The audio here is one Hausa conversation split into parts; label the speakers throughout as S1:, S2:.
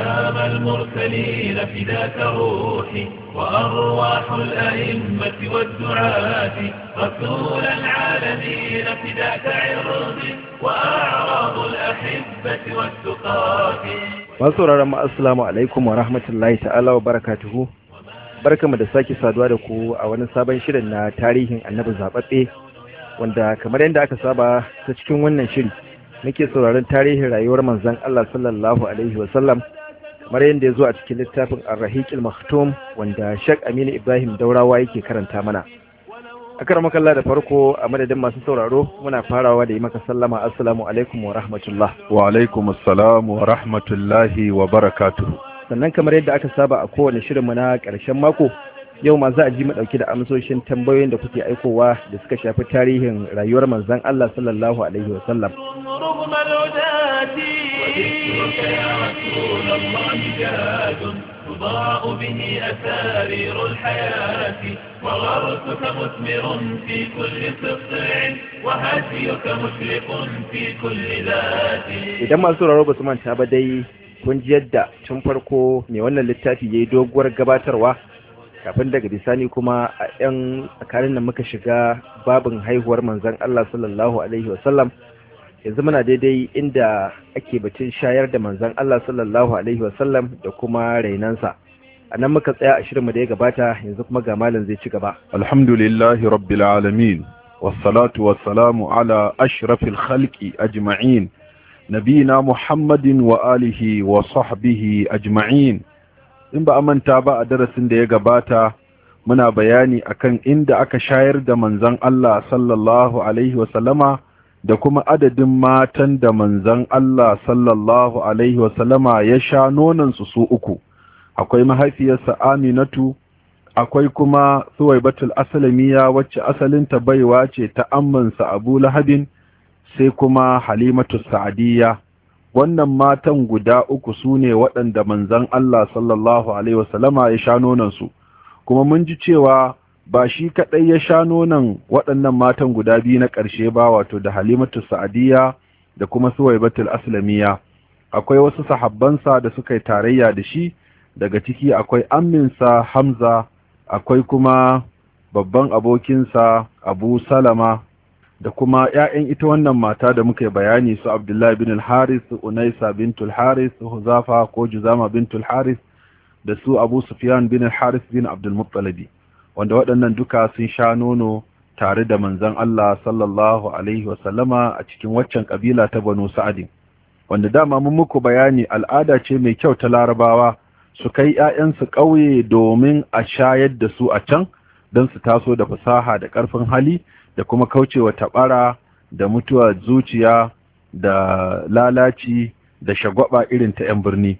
S1: أمام المرسلين فداك روحي وأرواح الأئمة والدعاة رسول العالمين فداك عرضي وأعراض الأحبة والتقاة
S2: masaurara mu assalamu alaikum wa rahmatullahi ta'ala wa barakatuhu barkamu da sake saduwa da ku a wani sabon shirin na tarihin annabi zaɓaɓɓe wanda kamar yadda aka saba ta cikin wannan shiri muke sauraron tarihin rayuwar manzon Allah sallallahu alaihi wa sallam kamar yadda ya zo a cikin littafin arrahiqil maktum wanda shak aminu ibrahim daurawa yake karanta mana a karamakalla da farko a madadin masu sauraro muna farawa da yi maka sallama assalamu alaikum wa rahmatullah
S3: wa alaikum assalamu wa rahmatullahi wa barakatu.
S2: sannan kamar yadda aka saba a kowane shirinmu na ƙarshen mako yau ma za a ji mu dauki da amsoshin tambayoyin da kuke aikowa da suka shafi tarihin rayuwar manzon Allah sallallahu alaihi wa sallam
S1: تضاء به أسارير الحياة وغرسك مثمر في
S2: كل kun ji yadda tun farko mai wannan littafi ya yi doguwar gabatarwa kafin daga bisani kuma a 'yan tsakanin da muka shiga babin haihuwar manzan Allah sallallahu alaihi wasallam yanzu muna daidai inda ake batun shayar da manzan Allah sallallahu alaihi wasallam da kuma rainansa a nan muka tsaya a shirinmu da ya gabata yanzu kuma ga
S3: malam zai ci gaba alhamdulillahi rabbil alamin wassalatu wassalamu ala ashrafil khalqi ajma'in nabiyina muhammadin wa alihi wa sahbihi ajma'in in ba a manta ba a darasin da ya gabata muna bayani akan inda aka shayar da manzan Allah sallallahu alaihi wasallama da kuma adadin matan da manzan Allah sallallahu alaihi wasallama ya sha nonansu su uku akwai mahaifiyarsa Aminatu akwai kuma Suwaibatul asalamiya wacce asalinta baiwa ce ta ammansa Abu Lahabin sai kuma Halimatu Sa'adiyya wannan matan guda uku su ne waɗanda manzan Allah sallallahu Alaihi wasallama ya sha su. kuma mun ji cewa ba shi kaɗai ya sha nonan waɗannan matan guda biyu na ƙarshe ba wato da halimatu sa'adiyya da kuma batul aslamiya akwai wasu sahabbansa da suka yi tarayya da shi daga ciki akwai Aminsa hamza akwai kuma babban abokinsa abu salama da kuma ‘ya'yan ita wannan mata da muka bayani su Abdullahi bin al-Haris, Unaisa bintul Haris, Huzafa ko Juzama bintul Haris da su Abu Sufyan bin al-Haris bin Abdulmuttalabi, wanda waɗannan duka sun sha nono tare da manzan Allah sallallahu Alaihi wasallama a cikin waccan ƙabila ta Banu Sa'adin, wanda dama mun muku bayani al'ada ce mai kyau ta Larabawa su kai ‘ya'yansu ƙauye domin a shayar da su a can don su taso da fasaha da ƙarfin hali. da kuma kaucewa taɓara da mutuwa zuciya da lalaci da shagwaba irin ta 'yan birni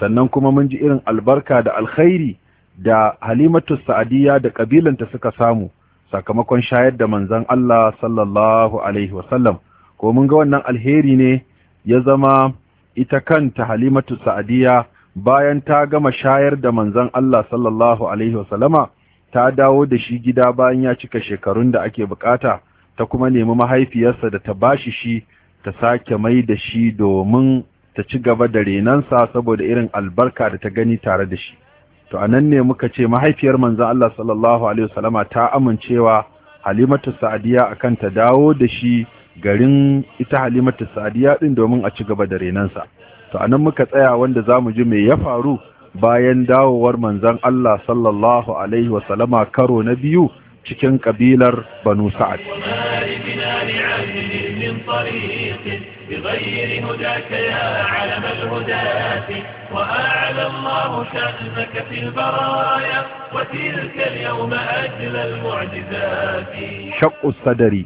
S3: sannan kuma mun ji irin albarka da alkhairi da halimatu sa'adiyya da ƙabilanta suka samu sakamakon shayar da manzan Allah sallallahu alaihi wasallam ko mun ga wannan alheri ne ya zama ita kanta halimatu sa'adiyya bayan ta gama shayar da manzan Allah sallallahu alaihi wasallama ta dawo da shi gida bayan ya cika shekarun da ake bukata ta kuma nemi mahaifiyarsa da ta bashi shi ta sake mai da shi domin ta ci gaba da renansa saboda irin albarka da ta gani tare da shi to anan ne muka ce mahaifiyar manzon Allah sallallahu alaihi wasallama ta amincewa Halimatu Sa'diya akan ta dawo da shi garin ita Halimatu sa'adiya din domin a ci gaba da renansa to anan muka tsaya wanda zamu ji me ya faru bayan dawowar manzon Allah sallallahu alaihi wa sallama karo na biyu cikin kabilar Banu Sa'ad
S1: بغير هداك يا علم الهداة وأعلى الله شأنك في البرايا وتلك اليوم أجل المعجزات
S3: شق الصدري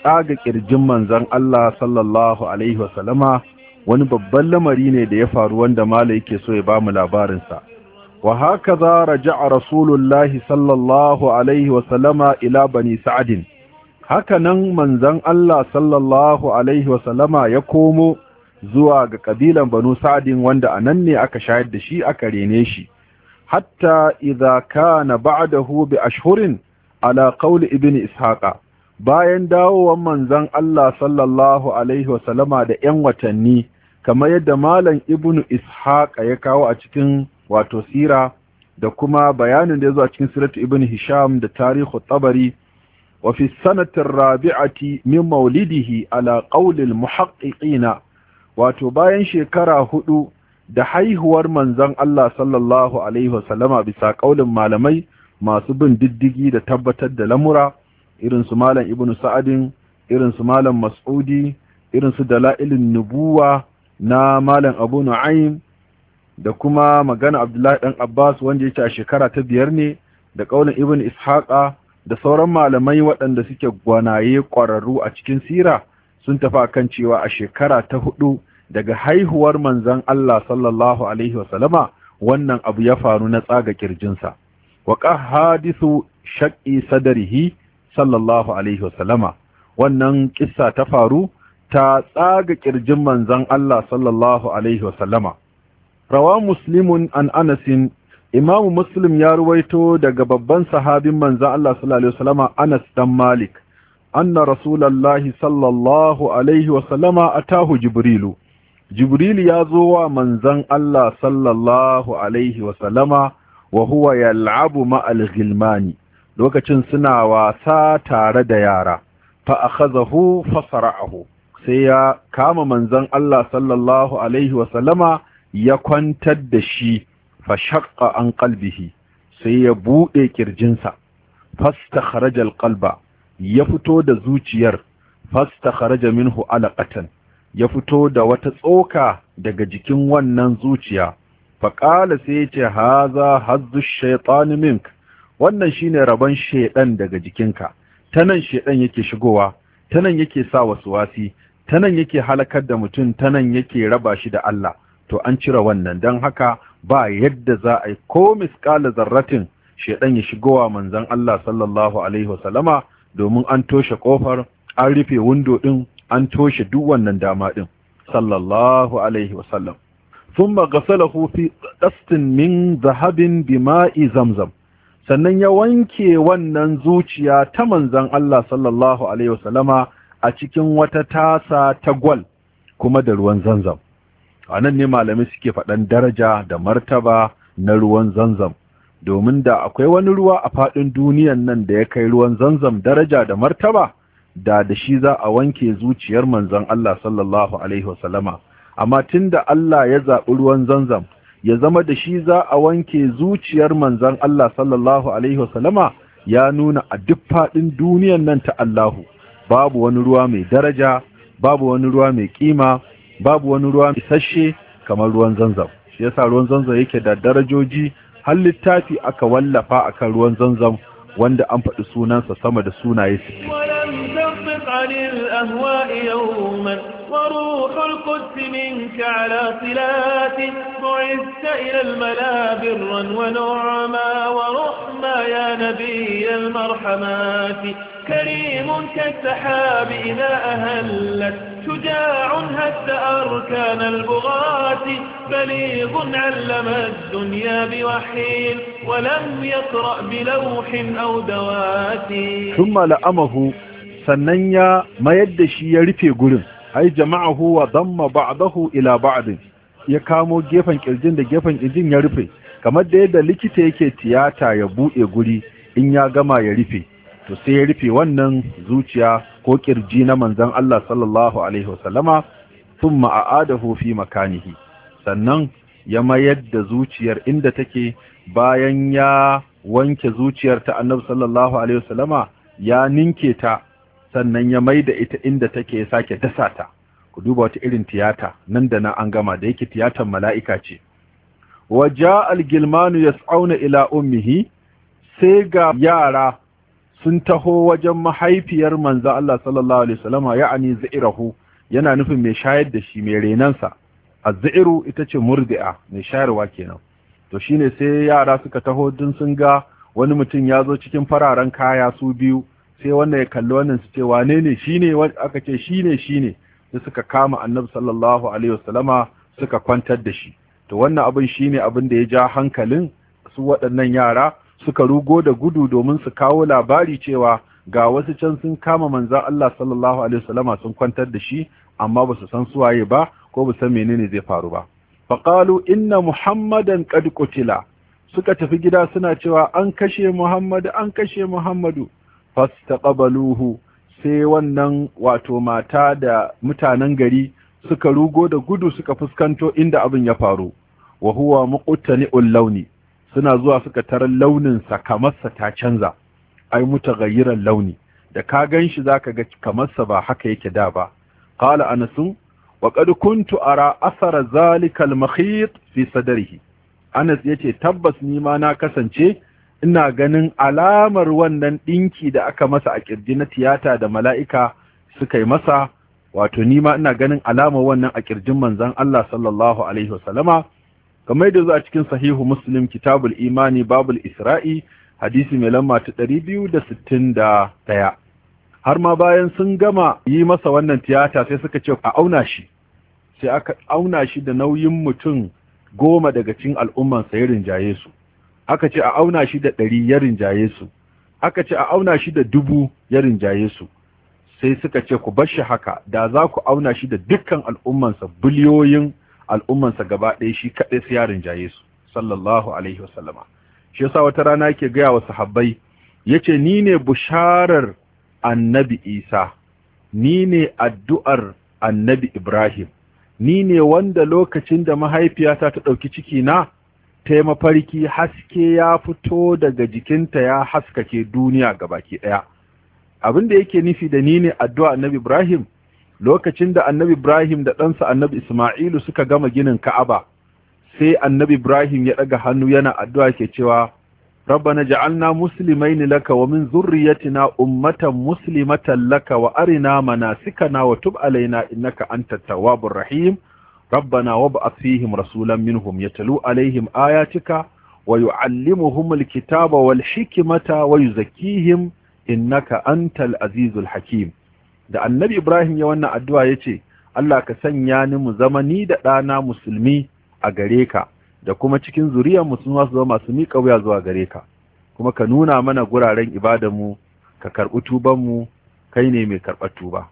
S3: tsaga kirjin manzon Allah sallallahu Alaihi wa sallama wani babban lamari ne da ya faru wanda mala yake so ya bamu labarinsa wa haka za a rasulullahi sallallahu alaihi wasallama ila bani sa'adin haka nan manzan Allah sallallahu alaihi wasallama ya komo zuwa ga kabilan banu sa'adin wanda a nan ne aka shayar da shi aka rene shi hatta idza kana ba'dahu bi ashhurin ala qawli ibn ishaqa bayan dawowa manzan Allah sallallahu alaihi wasallama da 'yan watanni kamar yadda malam ibnu ishaq ya kawo a cikin wato sira da kuma bayanin da ya zo a cikin siratu ibnu hisham da tarihu tabari wa fi rabi'ati min maulidihi ala qaulil muhaqqiqina wato bayan shekara hudu da haihuwar manzon Allah sallallahu alaihi wasallama bisa kaulin malamai masu bin diddigi da tabbatar da lamura irin su malam ibnu sa'adin irin su malam mas'udi irin su dalailin nubuwa na malam abu Nu'aim da kuma magana abdullahi dan abbas wanda yake a shekara ta biyar ne da kaulin ibn ishaqa da sauran malamai waɗanda suke gwanaye ƙwararru a cikin sira sun tafi kan cewa a shekara ta hudu daga haihuwar manzan Allah sallallahu alaihi wasallama wannan abu ya faru na tsaga kirjinsa wa hadisu shaqqi sadarihi sallallahu alaihi wasallama wannan kissa ta faru ta tsaga ƙirjin manzon Allah sallallahu alaihi Sallama. rawa muslimun an anasin imamu muslim ya ruwaito daga babban sahabin manzon Allah sallallahu alaihi Sallama Anas dan Malik anna rasulallahi sallallahu alaihi wasallama atahu jibrilu jibrilu ya zo wa manzon Allah sallallahu alaihi Sallama wa huwa yal'abu ma'al ghilmani lokacin suna wasa tare da yara fa akhadhahu fasara'ahu sai ya kama manzon Allah sallallahu alaihi wasallama ya kwantar da shi fa shakka an kalbihi sai ya ƙirjinsa. kirjinsa fastakharaja kalba ya fito da zuciyar fastakharaja minhu alaƙatan ya fito da wata tsoka daga jikin wannan zuciya faƙala sai ya ce haza hazu shaitani mink wannan shi ne rabon shaiɗan daga jikinka ta nan shaiɗan yake shigowa ta nan yake sa wasu wasi ta nan yake halakar da mutum ta nan yake raba shi da Allah to an cire wannan don haka ba yadda za a yi ko miskala zarratin shaidan ya wa manzan Allah sallallahu alaihi wasallama domin an toshe kofar an rufe windo din an toshe duk wannan dama din sallallahu alaihi wasallam thumma ghasalahu fi qastin min zahabin bima'i zamzam sannan ya wanke wannan zuciya ta manzan Allah sallallahu alaihi wasallama a cikin wata tasa ta gwal kuma da ruwan zanzam a nan ne malamai suke faɗan daraja da martaba na ruwan zanzam domin da akwai wani ruwa a faɗin duniyan nan da ya kai ruwan zanzam daraja da martaba da da shi za a wanke zuciyar manzan Allah sallallahu alaihi wasallama amma tunda Allah ya zaɓi ruwan zanzam ya zama da shi za a wanke zuciyar manzon Allah sallallahu alaihi wasallama ya nuna a duk faɗin duniyan nan ta Allahu babu wani ruwa mai daraja babu wani ruwa mai kima babu wani ruwa mai sashe kamar ruwan zanzam shi yasa ruwan zanzam yake da darajoji har littafi aka wallafa akan ruwan zanzam wanda an faɗi sunansa sama da sunaye
S4: 60 واصرف عن الأهواء يوما وروح القدس منك على صلات بعثت إلى الملا برا ونعما ورحما يا نبي المرحمات كريم كالسحاب إذا أهلت شجاع هز أركان البغاة بليغ علم الدنيا بوحي ولم يقرأ بلوح أو دوات
S3: ثم لأمه sannan ya mayar da shi ya rufe gurin ai jama'a huwa damma ba'dahu ila ba'd ya kamo gefen kirjin da gefen kirjin ya rufe kamar da yadda likita yake tiyata ya buɗe guri in ya gama ya rufe to sai ya rufe wannan zuciya ko kirji na manzon Allah sallallahu alaihi wasallama thumma a'adahu fi makanihi sannan ya mayar da zuciyar inda take bayan ya wanke zuciyar ta annabi sallallahu alaihi wasallama ya ninke ta sannan ya mai da ita inda take sake dasa ta ku duba wata irin tiyata nan da na an gama da yake tiyatan mala'ika ce waja algilmanu ya tsauna ila ummihi sai ga yara sun taho wajen mahaifiyar Manza, Allah sallallahu alaihi wasallama ya'ani za'irahu yana nufin mai shayar da shi mai renansa Zairu ita ce murdi'a mai shayarwa kenan to shine sai yara suka taho din sun ga wani mutum ya zo cikin fararen kaya su biyu sai wannan ya kalli wannan su ce wane ne shi ne aka ce shi ne, shi ne. da suka kama annabi sallallahu alaihi wasallama suka kwantar da shi to wannan abin shi ne abin da ya ja hankalin su waɗannan yara suka rugo da gudu domin su kawo labari cewa ga wasu can sun kama manzan Allah sallallahu alaihi wasallama sun kwantar da shi amma ba su san suwaye ba ko ba san menene zai faru ba faqalu inna muhammadan qad qutila suka tafi gida suna cewa an kashe muhammadu an kashe muhammadu fastaqabaluhu sai wannan wato mata da mutanen gari suka rugo da gudu suka fuskanto inda abin ya faru wa huwa muqtani'ul launi suna zuwa suka tarar launin sa kamar sa ta canza ai mutaghayyiran launi da ka gan ganshi zaka ga kamar sa ba haka yake da ba qala anasun wa qad kuntu ara athara zalikal makhit fi sadrihi anas yace tabbas ni ma na kasance ina ganin alamar wannan ɗinki da aka masa a ƙirji na tiyata da mala'ika suka yi masa wato nima ina ganin alamar wannan a ƙirjin manzan Allah sallallahu Alaihi wasallama kamar da zuwa cikin sahihu muslim kitabul imani babul isra'i hadisi mai lamma ta ɗari biyu da da sittin ɗaya. har ma bayan sun gama yi masa wannan tiyata sai suka ce a auna shi sai aka auna shi da nauyin mutum goma daga cikin al'umman sayirin jaye su aka ce a auna shi da ɗari ya rinjaye su aka ce a auna shi da dubu ya rinjaye su sai suka ce ku bar shi haka da za ku auna shi da dukkan al'ummansa biliyoyin al'ummansa gaba ɗaya shi kaɗai su ya rinjaye su sallallahu alaihi wasallama shi yasa wata rana yake gaya wa sahabbai yace ni ne busharar annabi isa ni ne addu'ar annabi ibrahim ni ne wanda lokacin da mahaifiyata ta ɗauki ciki na ta mafarki haske ya fito daga jikinta ya haskake duniya ga baki ɗaya abin da yake nufi da ni ne addu'a annabi ibrahim lokacin da annabi ibrahim da ɗansa annabi isma'ilu suka gama ginin ka'aba sai annabi ibrahim ya ɗaga hannu yana addu'a ke cewa rabbana ja'alna muslimaini laka wa min zurriyatina ummatan muslimatan laka wa arina manasikana wa tub alaina innaka antat tawwabur rahim rabbana wab'ath fihim rasulan minhum yatlu alaihim ayatika wa yu'allimuhum alkitaba wal hikmata wa yuzakkihim innaka antal azizul hakim da annabi ibrahim ya wannan addu'a yace Allah ka sanya ni mu zama ni da ɗana musulmi a gare ka da kuma cikin zuriyar musulma su zama masu miƙa wuya zuwa gare ka kuma ka nuna mana guraren ibadanmu ka karɓi tubanmu kai ne mai karɓar tuba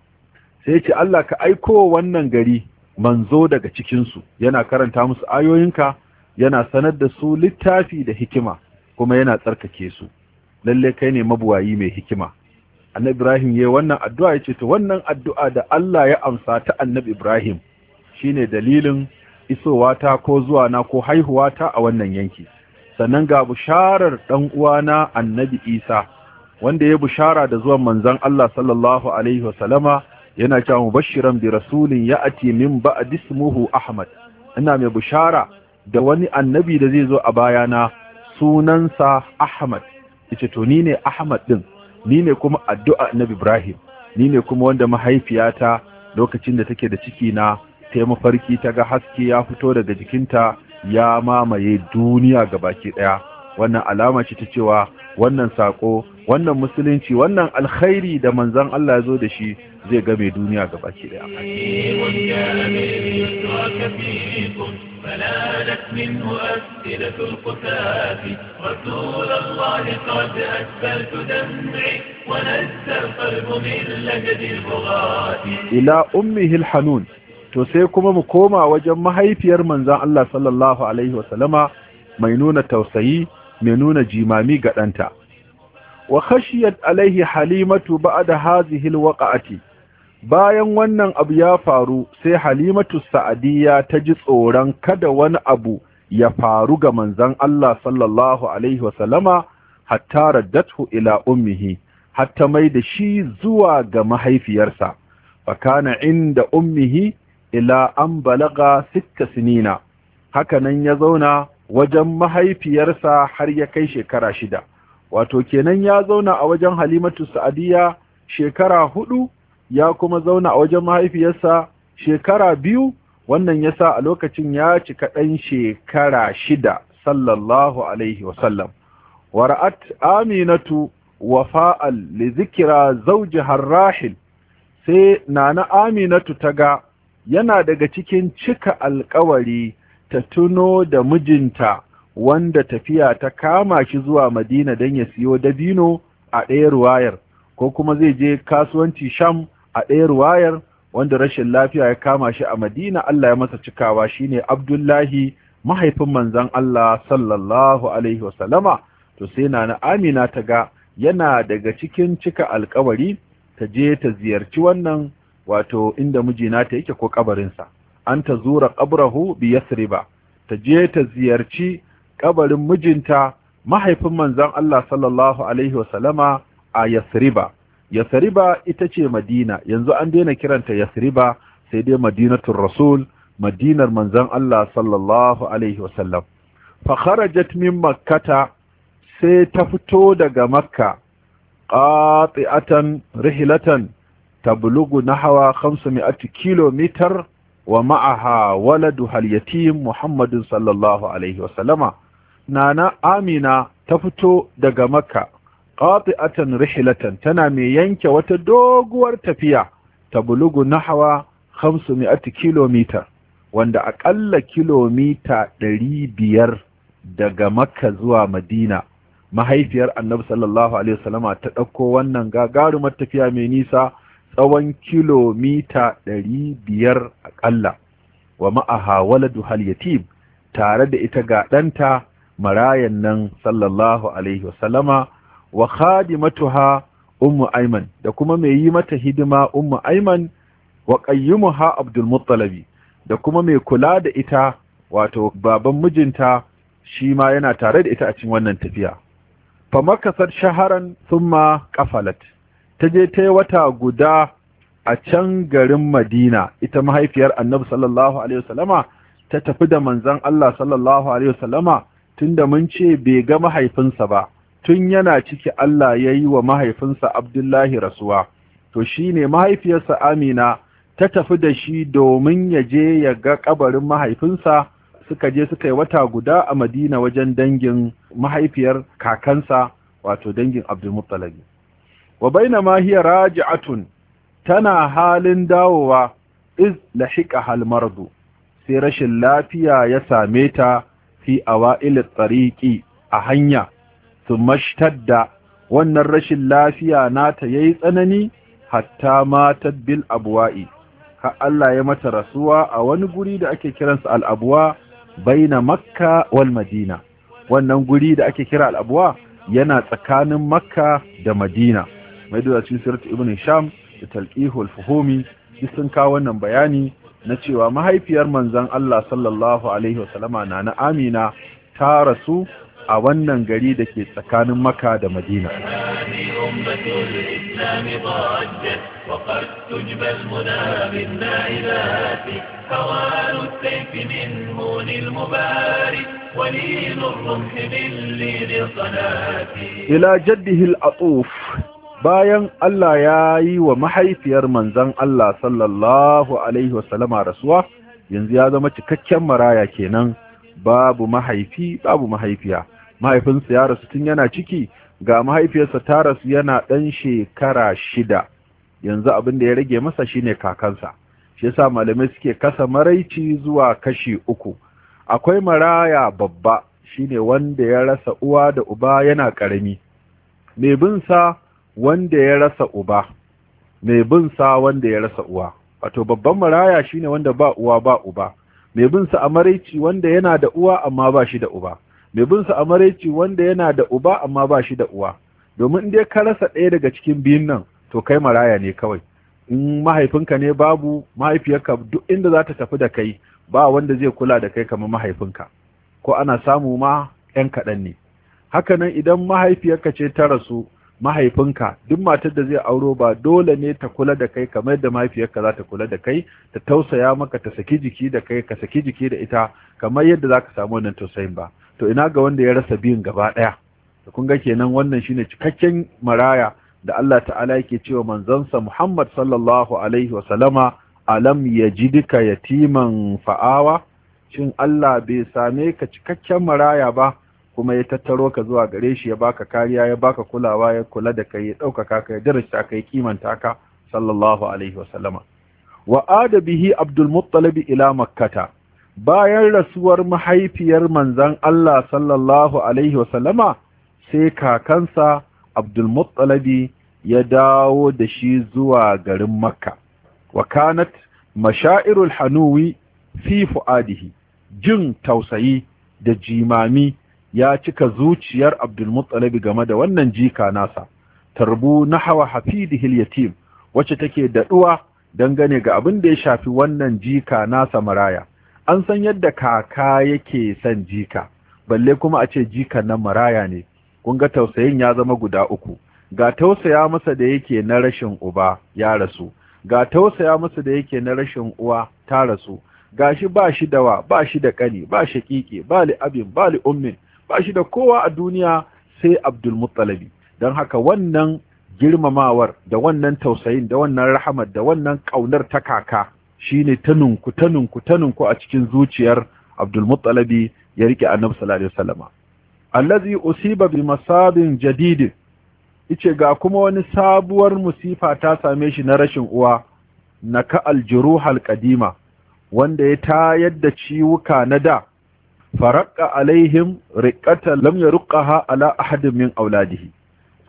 S3: sai ce Allah ka aiko wannan gari manzo daga cikinsu yana karanta musu ayoyinka yana sanar da su littafi da hikima kuma yana tsarkake su lalle kai ne mabuwayi mai hikima annabi ibrahim yayi wannan addu'a ya ce to wannan addu'a da Allah ya amsa ta annabi ibrahim shine dalilin isowata ko zuwa na ko haihuwata a wannan yanki sannan ga bisharar dan uwana annabi isa wanda ya bishara da zuwan manzon Allah sallallahu alaihi wasallama yana cewa mubashiran bi rasulin ya ati min ba'adismuhu ismuhu ahmad ina mai bushara da wani annabi da zai zo a bayana sunansa ahmad yace to ni ne ahmad din ni ne kuma addu'a annabi ibrahim ni ne kuma wanda mahaifiyata lokacin da take da ciki na ta mafarki ta ga haske ya fito daga jikinta ya mamaye duniya ga baki ɗaya? wannan alama ce ta cewa wannan sako wannan musulunci wannan alkhairi da manzan Allah zo da shi zai game duniya gaba ki
S1: daya فلالت منه أسئلة القتاف رسول الله قد أسفلت دمعي ونزى القلب من لجد البغاة إلى
S3: أمه الحنون to sai kuma mu koma wajen mahaifiyar manzan Allah sallallahu alaihi wasallama mai nuna tausayi mai nuna jimami ga ɗanta wa khashiyat alaihi halimatu ba'da hadhihi alwaqa'ati bayan wannan abu ya faru sai halimatu sa'adiya ta ji tsoron kada wani abu ya faru ga manzon Allah sallallahu alaihi wa wasallama hatta raddathu ila ummihi hatta mai da shi zuwa ga mahaifiyarsa kana inda ummihi ila an balaga sitta sinina hakanan ya zauna wajen mahaifiyarsa har ya kai shekara shida wato kenan ya zauna a wajen halimatu sa'adiyya shekara hudu ya kuma zauna a wajen mahaifiyarsa shekara biyu wannan yasa a lokacin ya ci kaɗan shekara shida sallallahu alaihi wasallam wara'at aminatu wa Fa'al li zikira zawjiha rahil sai nana aminatu ta ga yana daga cikin cika alkawari ta tuno da mijinta wanda tafiya ta kama shi zuwa madina don ya siyo dabino a ɗaya ruwayar ko kuma zai je kasuwanci sham a ɗaya ruwayar wanda rashin lafiya ya kama shi a madina Allah ya masa cikawa shine abdullahi mahaifin manzan Allah sallallahu alaihi wasallama to sai na amina ta ga yana daga cikin cika alkawari ta je ta ziyarci wannan wato inda mijina ta yake ko kabarinsa an ta zura kabrahu bi yasriba ta je ta ziyarci kabarin mijinta mahaifin manzon Allah sallallahu alaihi wasallama a Yasriba Yasriba ita ce Madina yanzu an daina kiranta Yasriba sai dai Madinatul Rasul Madinar manzon Allah sallallahu alaihi wasallam fa kharajat min makkata sai ta fito daga makka qati'atan rihlatan tablugu nahwa 500 kilomitar wa ma'aha waladu hal yatim Muhammadin sallallahu alaihi wasallama nana amina ta fito daga makka qati'atan rihilatan tana mai yanke wata doguwar tafiya ta bulugu na hawa 500 kilomita wanda aƙalla kilomita 500 daga makka zuwa madina mahaifiyar annabi sallallahu alaihi wasallama ta ɗauko wannan gagarumar tafiya mai nisa tsawon kilomita 500 akalla wa ma'aha waladu hal yatim tare da ita ga ɗanta marayan nan sallallahu alaihi wasallama wa khadimatuha ummu aiman da kuma mai yi mata hidima ummu aiman wa qayyimuha abdul muttalib da kuma mai kula da ita wato baban mijinta shi ma yana tare da ita a cikin wannan tafiya fa makasar shaharan thumma qafalat taje je ta wata guda a can garin Madina ita mahaifiyar Annabi sallallahu alaihi wasallama ta tafi da manzon Allah sallallahu alaihi wasallama tunda mun ce bai ga mahaifinsa ba tun yana ciki Allah ya yi wa mahaifinsa Abdullahi rasuwa to shi ne mahaifiyarsa Amina ta tafi da shi domin ya je ya ga kabarin mahaifinsa suka je suka yi wata guda a Madina wajen dangin mahaifiyar kakansa wato dangin Abdulmuttalib wa bainama hiya raji'atun tana halin dawowa iz lahiqa hal mardu sai rashin lafiya ya same ta fi awa'il tsariƙi a hanya su mashtadda wannan rashin lafiya nata yayi tsanani hatta matat bil abwa'i har Allah ya mata rasuwa a wani guri da ake kiransa al-abwa baina makka wal madina wannan guri da ake kira al-abwa yana tsakanin makka da madina mai da cikin sirat ibn sham da talqihul fuhumi duk sun kawo wannan bayani na cewa mahaifiyar manzon Allah sallallahu alaihi wasallama nana Amina ta rasu a wannan gari dake tsakanin Makka da Madina
S1: حوال السيف من هون المبارك ولين الرمح من لين إلى جده الأطوف
S3: bayan Allah ya yi wa mahaifiyar manzan Allah sallallahu Alaihi wasallama rasuwa yanzu ya zama cikakken maraya kenan babu mahaifi babu mahaifiya mahaifinsa ya rasu tun yana ciki ga mahaifiyarsa ta rasu yana ɗan shekara shida yanzu abin da ya rage masa shine kakansa shi yasa malamai suke kasa maraici zuwa kashi uku akwai maraya babba shine wanda ya rasa uwa da uba yana ƙarami mai bin sa wanda ya rasa uba mai bin sa wanda ya rasa uwa wato babban maraya shine wanda ba uwa ba uba mai bin sa amareci wanda yana da uwa amma ba shi da uba mai bin sa amareci wanda yana da uba amma ba shi da uwa domin in dai ka rasa ɗaya daga cikin biyun nan to kai maraya ne kawai in mahaifinka ne babu mahaifiyarka duk inda za ta tafi da kai ba wanda zai kula da kai kamar mahaifinka ko ana samu ma 'yan kaɗan ne hakanan idan mahaifiyarka ce ta rasu mahaifinka duk matar da zai auro ba dole ne ta kula da kai kamar yadda mahaifiyarka za ta kula da kai ta tausaya maka ta saki jiki da kai ka saki jiki da ita kamar yadda za ka samu wannan tausayin ba to ina ga wanda ya rasa biyun gaba ɗaya da kun ga kenan wannan shine cikakken maraya da Allah ta'ala yake cewa manzansa Muhammad sallallahu alaihi wa sallama alam yajidka yatiman fa'awa shin Allah bai same ka cikakken maraya ba kuma ya tattaro ka zuwa gare shi ya baka kariya ya baka kulawa ya kula da kai ya ɗaukaka ka ya darasta ka ya kimanta ka sallallahu alaihi wasallama wa adabihi abdul muttalib ila makkata bayan rasuwar mahaifiyar Manzan Allah sallallahu alaihi wasallama sai kakansa abdul muttalib ya dawo da shi zuwa garin makka wa kanat mashairul hanuwi fi fuadihi jin tausayi da jimami ya cika zuciyar abdulmuttalib game da wannan jika nasa tarbu na hawa hafidihil yatim wacce take daɗuwa dangane ga abin da ya shafi wannan jika nasa maraya an san yadda kaka yake son jika balle kuma a ce jika nan maraya ne kun ga tausayin ya zama guda uku ga tausaya masa da yake na rashin uba ya rasu ga tausaya masa da yake na rashin uwa ta rasu gashi ba shi dawa ba shi da kani ba shi kike ba li abin ba li ummin ba shi da kowa a duniya sai Abdul abdulmuttalabi don haka wannan girmamawar da wannan tausayin da wannan rahamar da wannan ƙaunar ta kaka shine tanunku tanunku tanunku a cikin zuciyar Abdul abdulmuttalabi ya rike annabi sallallahu alaihi wasallama allazi usiba bi masabin jadid yace ga kuma wani sabuwar musifa ta same shi na rashin uwa naka aljuruhal qadima wanda ya tayar da ciwuka na da faraqqa alaihim riƙata lam ruƙaha, ala ahadin min auladihi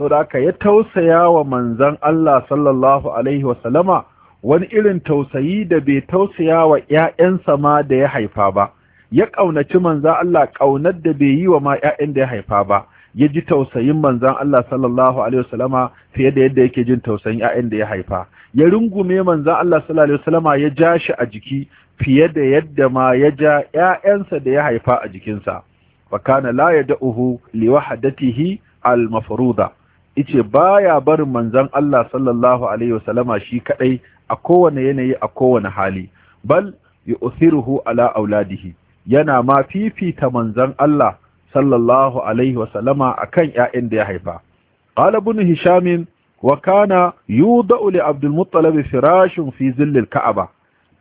S3: da haka ya tausaya wa manzan Allah sallallahu alaihi wa wani irin tausayi da bai tausaya wa 'ya'yansa ma da ya haifa ba ya ƙaunaci manzan Allah ƙaunar da bai yi wa ma ƴaƴan da ya haifa ba ya ji tausayin manzan Allah sallallahu alaihi wasallama fiye da yadda yake jin tausayin ƴaƴan da ya haifa ya rungume manzan Allah sallallahu alaihi wasallama ya ja shi a jiki fiye da yadda ma ya ja ‘ya'yansa da ya haifa a jikinsa, fakana la ya da'uhu liwahadatihi al-mafaruda, ice ba ya barin manzan Allah sallallahu Alaihi wasallama shi kaɗai a kowane yanayi a kowane hali, bal ya uthiruhu ala auladihi, yana ma fifita manzan Allah sallallahu Alaihi wasallama a kan ‘ya'yan da ya haifa. Ƙalabun Hishamin, wa kana yuda'u li Abdulmuttalab firashin fi zillil Ka'aba.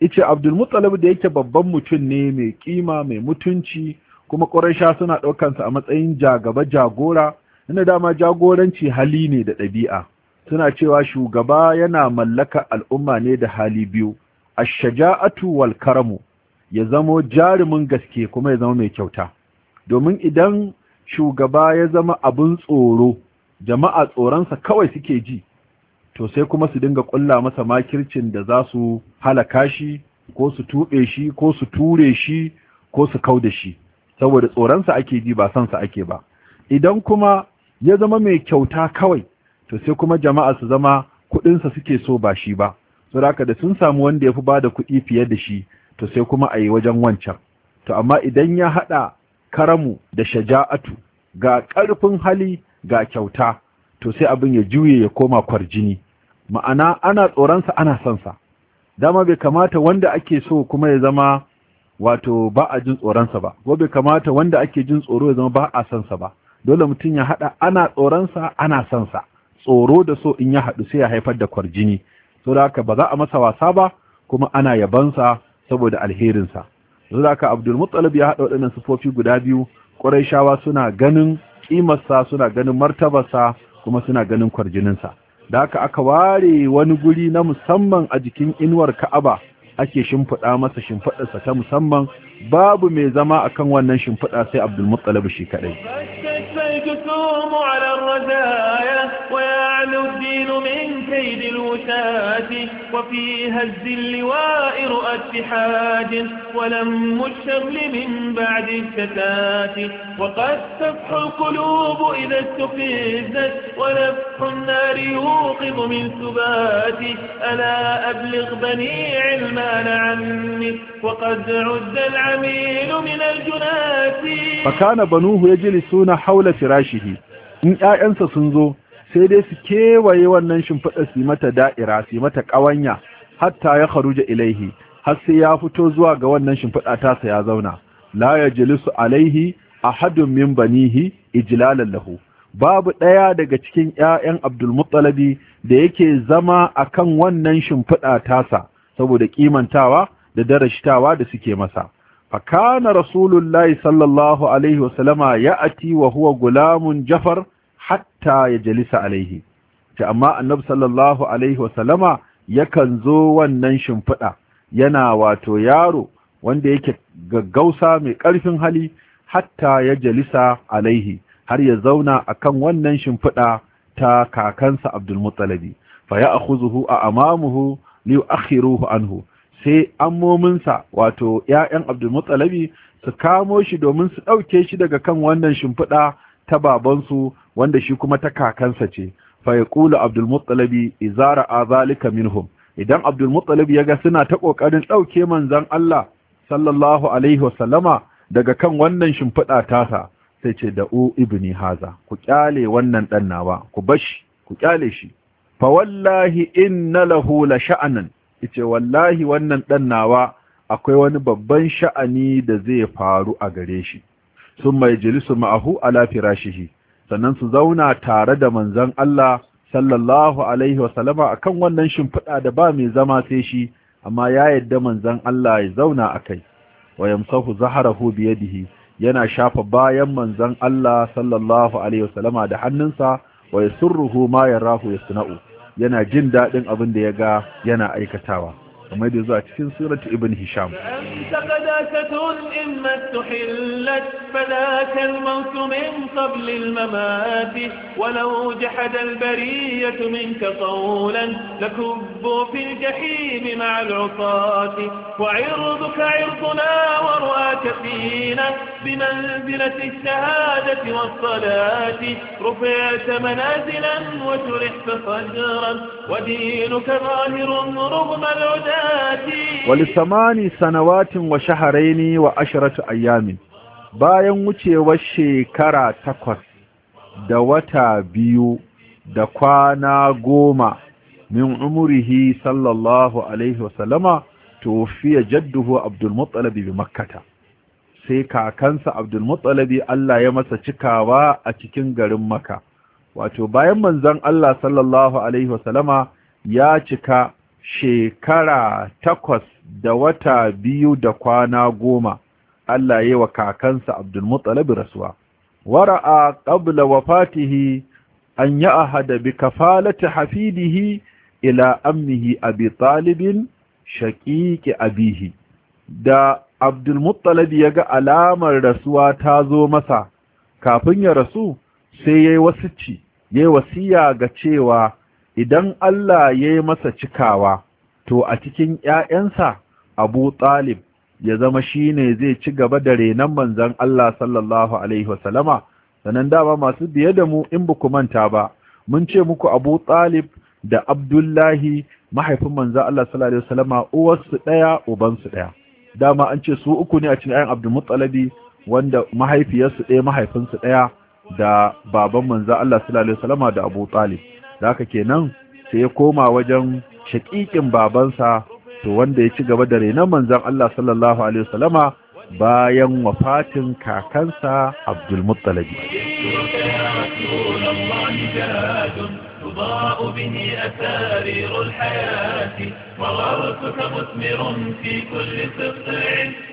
S3: ice abdulmutsalab da yake babban mutum ne mai kima mai mutunci kuma ƙwarasha suna ɗaukansa a matsayin jagaba jagora inda dama jagoranci hali ne da ɗabi'a suna cewa shugaba yana mallaka al'umma ne da hali biyu shaja'atu wal karamu ya zamo jarumin gaske kuma ya zama mai kyauta domin idan shugaba ya zama abin tsoro jama'a tsoronsa kawai suke ji to sai kuma su dinga ƙulla masa makircin da za su halaka shi ko su tuɓe shi ko su ture shi ko su kau da shi saboda tsoronsa ake ji ba sansa ake ba idan kuma ya zama mai kyauta kawai to sai kuma jama'a su zama kuɗinsa suke so ba shi ba saboda da sun samu wanda ya fi ba da kuɗi fiye da shi to sai kuma a yi wajen wancan to amma idan ya haɗa karamu da shaja'atu ga ƙarfin hali ga kyauta to sai abin ya juye ya koma kwarjini ma'ana ana tsoronsa ana sonsa dama bai kamata wanda ake so kuma ya zama wato ba a jin tsoronsa ba ko bai kamata wanda ake jin tsoro ya zama ba a sonsa ba dole mutum ya haɗa ana tsoronsa ana sansa tsoro da so in ya haɗu sai ya haifar da kwarjini so da haka ba za a masa wasa ba kuma ana yabansa saboda alherinsa so da haka abdulmuttalib ya haɗa waɗannan sufofi guda biyu ƙwarai suna ganin ƙimarsa suna ganin martabarsa kuma suna ganin kwarjininsa da haka aka ware wani guri na musamman a jikin inuwar ka'aba ake shimfiɗa masa shimfiɗarsa ta musamman babu mai zama a kan wannan shimfiɗa sai abdulmuttalabu shi kaɗai
S4: ويعلو الدين من كيد الوشاة وفي هز اللواء رؤت حاج ولم الشمل من بعد الشتات وقد تفح القلوب إذا استفزت ونفح النار يوقظ من سباتي ألا أبلغ بني علمان عني وقد عد العميل من الجنات
S3: فكان بنوه يجلسون حول فراشه إن آئنس سنزو sai dai su kewaye wannan shimfiɗa su mata da'ira su mata ƙawanya hatta ya kharuja ilaihi har sai ya fito zuwa ga wannan shimfiɗa tasa ya zauna la yajlisu alaihi ahadun min banihi ijlalan lahu babu ɗaya daga cikin ƴaƴan Abdul da yake zama a kan wannan shimfiɗa tasa saboda ƙimantawa da darasitawa da suke masa fakana rasulullahi sallallahu alaihi wasallama ya'ati wa huwa gulamun jafar hatta ya jalisa alaihi ta amma annabi sallallahu alaihi wasallama yakan zo wannan shimfiɗa yana wato yaro wanda yake gaggausa mai ƙarfin hali hatta ya jalisa alaihi har ya zauna akan wannan shimfiɗa ta kakansa abdulmutsalabi fa ya akhuzuhu a amamuhu li akhiruhu anhu sai ammominsa wato 'ya'yan abdulmutsalabi su kamo shi domin su ɗauke shi daga kan wannan shimfiɗa ta babansu wanda shi kuma ta kakansa ce fa ya abdul muttalibi izara azalika minhum idan abdul ya ga suna ta kokarin dauke manzon Allah sallallahu alaihi wasallama daga kan wannan shimfiɗa tasa sai ce da u ibni haza ku kyale wannan dan nawa ku bashi ku kyale shi fa wallahi inna lahu la sha'anan yace wallahi wannan dan nawa akwai wani babban sha'ani da zai faru a gare shi summa yajlisu ma'ahu ala firashihi sannan su zauna tare da Manzan Allah sallallahu alaihi wasallama akan wannan shimfiɗa da ba mai zama sai shi amma ya yadda Manzan Allah ya zauna kai wa yamsahu zahrahu bi yana shafa bayan Manzan Allah sallallahu alaihi wasallama da hannunsa wa yasurruhu ma yarahu yasna'u yana jin daɗin abin da ya ga yana aikatawa kamar da zuwa cikin suratu ibn hisham
S4: فذاك الموت من قبل الممات ولو جحد البرية منك قولا لكبوا في الجحيم مع العصاة وعرضك عرضنا ورؤاك فينا بمنزلة الشهادة والصلاة رفعت منازلا وشرحت صدرا ودينك ظاهر رغم العداء
S3: walisamani sanawatin wa shaharaini wa asharatu ayyamin bayan wucewar shekara takwas da wata biyu da kwana goma min umurihi sallallahu alaihi wasallama tofiya jadduhu abdulmuttalabi bi makkata sai kakansa abdulmuttalabi Allah ya masa cikawa a cikin garin maka wato bayan manzon Allah sallallahu alaihi wasallama ya cika shekara takwas da wata biyu da kwana goma Allah ya yi wa kakansa Abdulmuttalib rasuwa wara'a wa wafatihi an ya'hada bi kafalati hafidihi ila amnihi abi talibin shaqiqi abihi da Abdulmuttalib ya ga alamar rasuwa ta zo masa kafin ya rasu sai yayi ya yayi wasiya ga cewa idan Allah ya yi masa cikawa to a cikin ‘ya'yansa abu ɗalib ya zama shi ne zai ci gaba da renon manzan Allah sallallahu Alaihi wasallama sanan dama masu biye da mu in buku manta ba mun ce muku abu ɗalib da abdullahi mahaifin manzan Allah sallallahu Alaihi wasallama uwarsu ɗaya ubansu ɗaya dama an ce su uku ne a cikin ‘ya'yan wanda mahaifiyarsu ɗaya mahaifinsu ɗaya da baban manzan Allah sallallahu Alaihi wasallama da abu talib da haka kenan sai ya koma wajen shakikin babansa to wanda ya ci gaba da renon manzon Allah sallallahu alaihi wasallama bayan wafatin kakansa Abdul Muttalib
S1: تضاء به أسارير الحياة وغرسك مثمر في كل سطع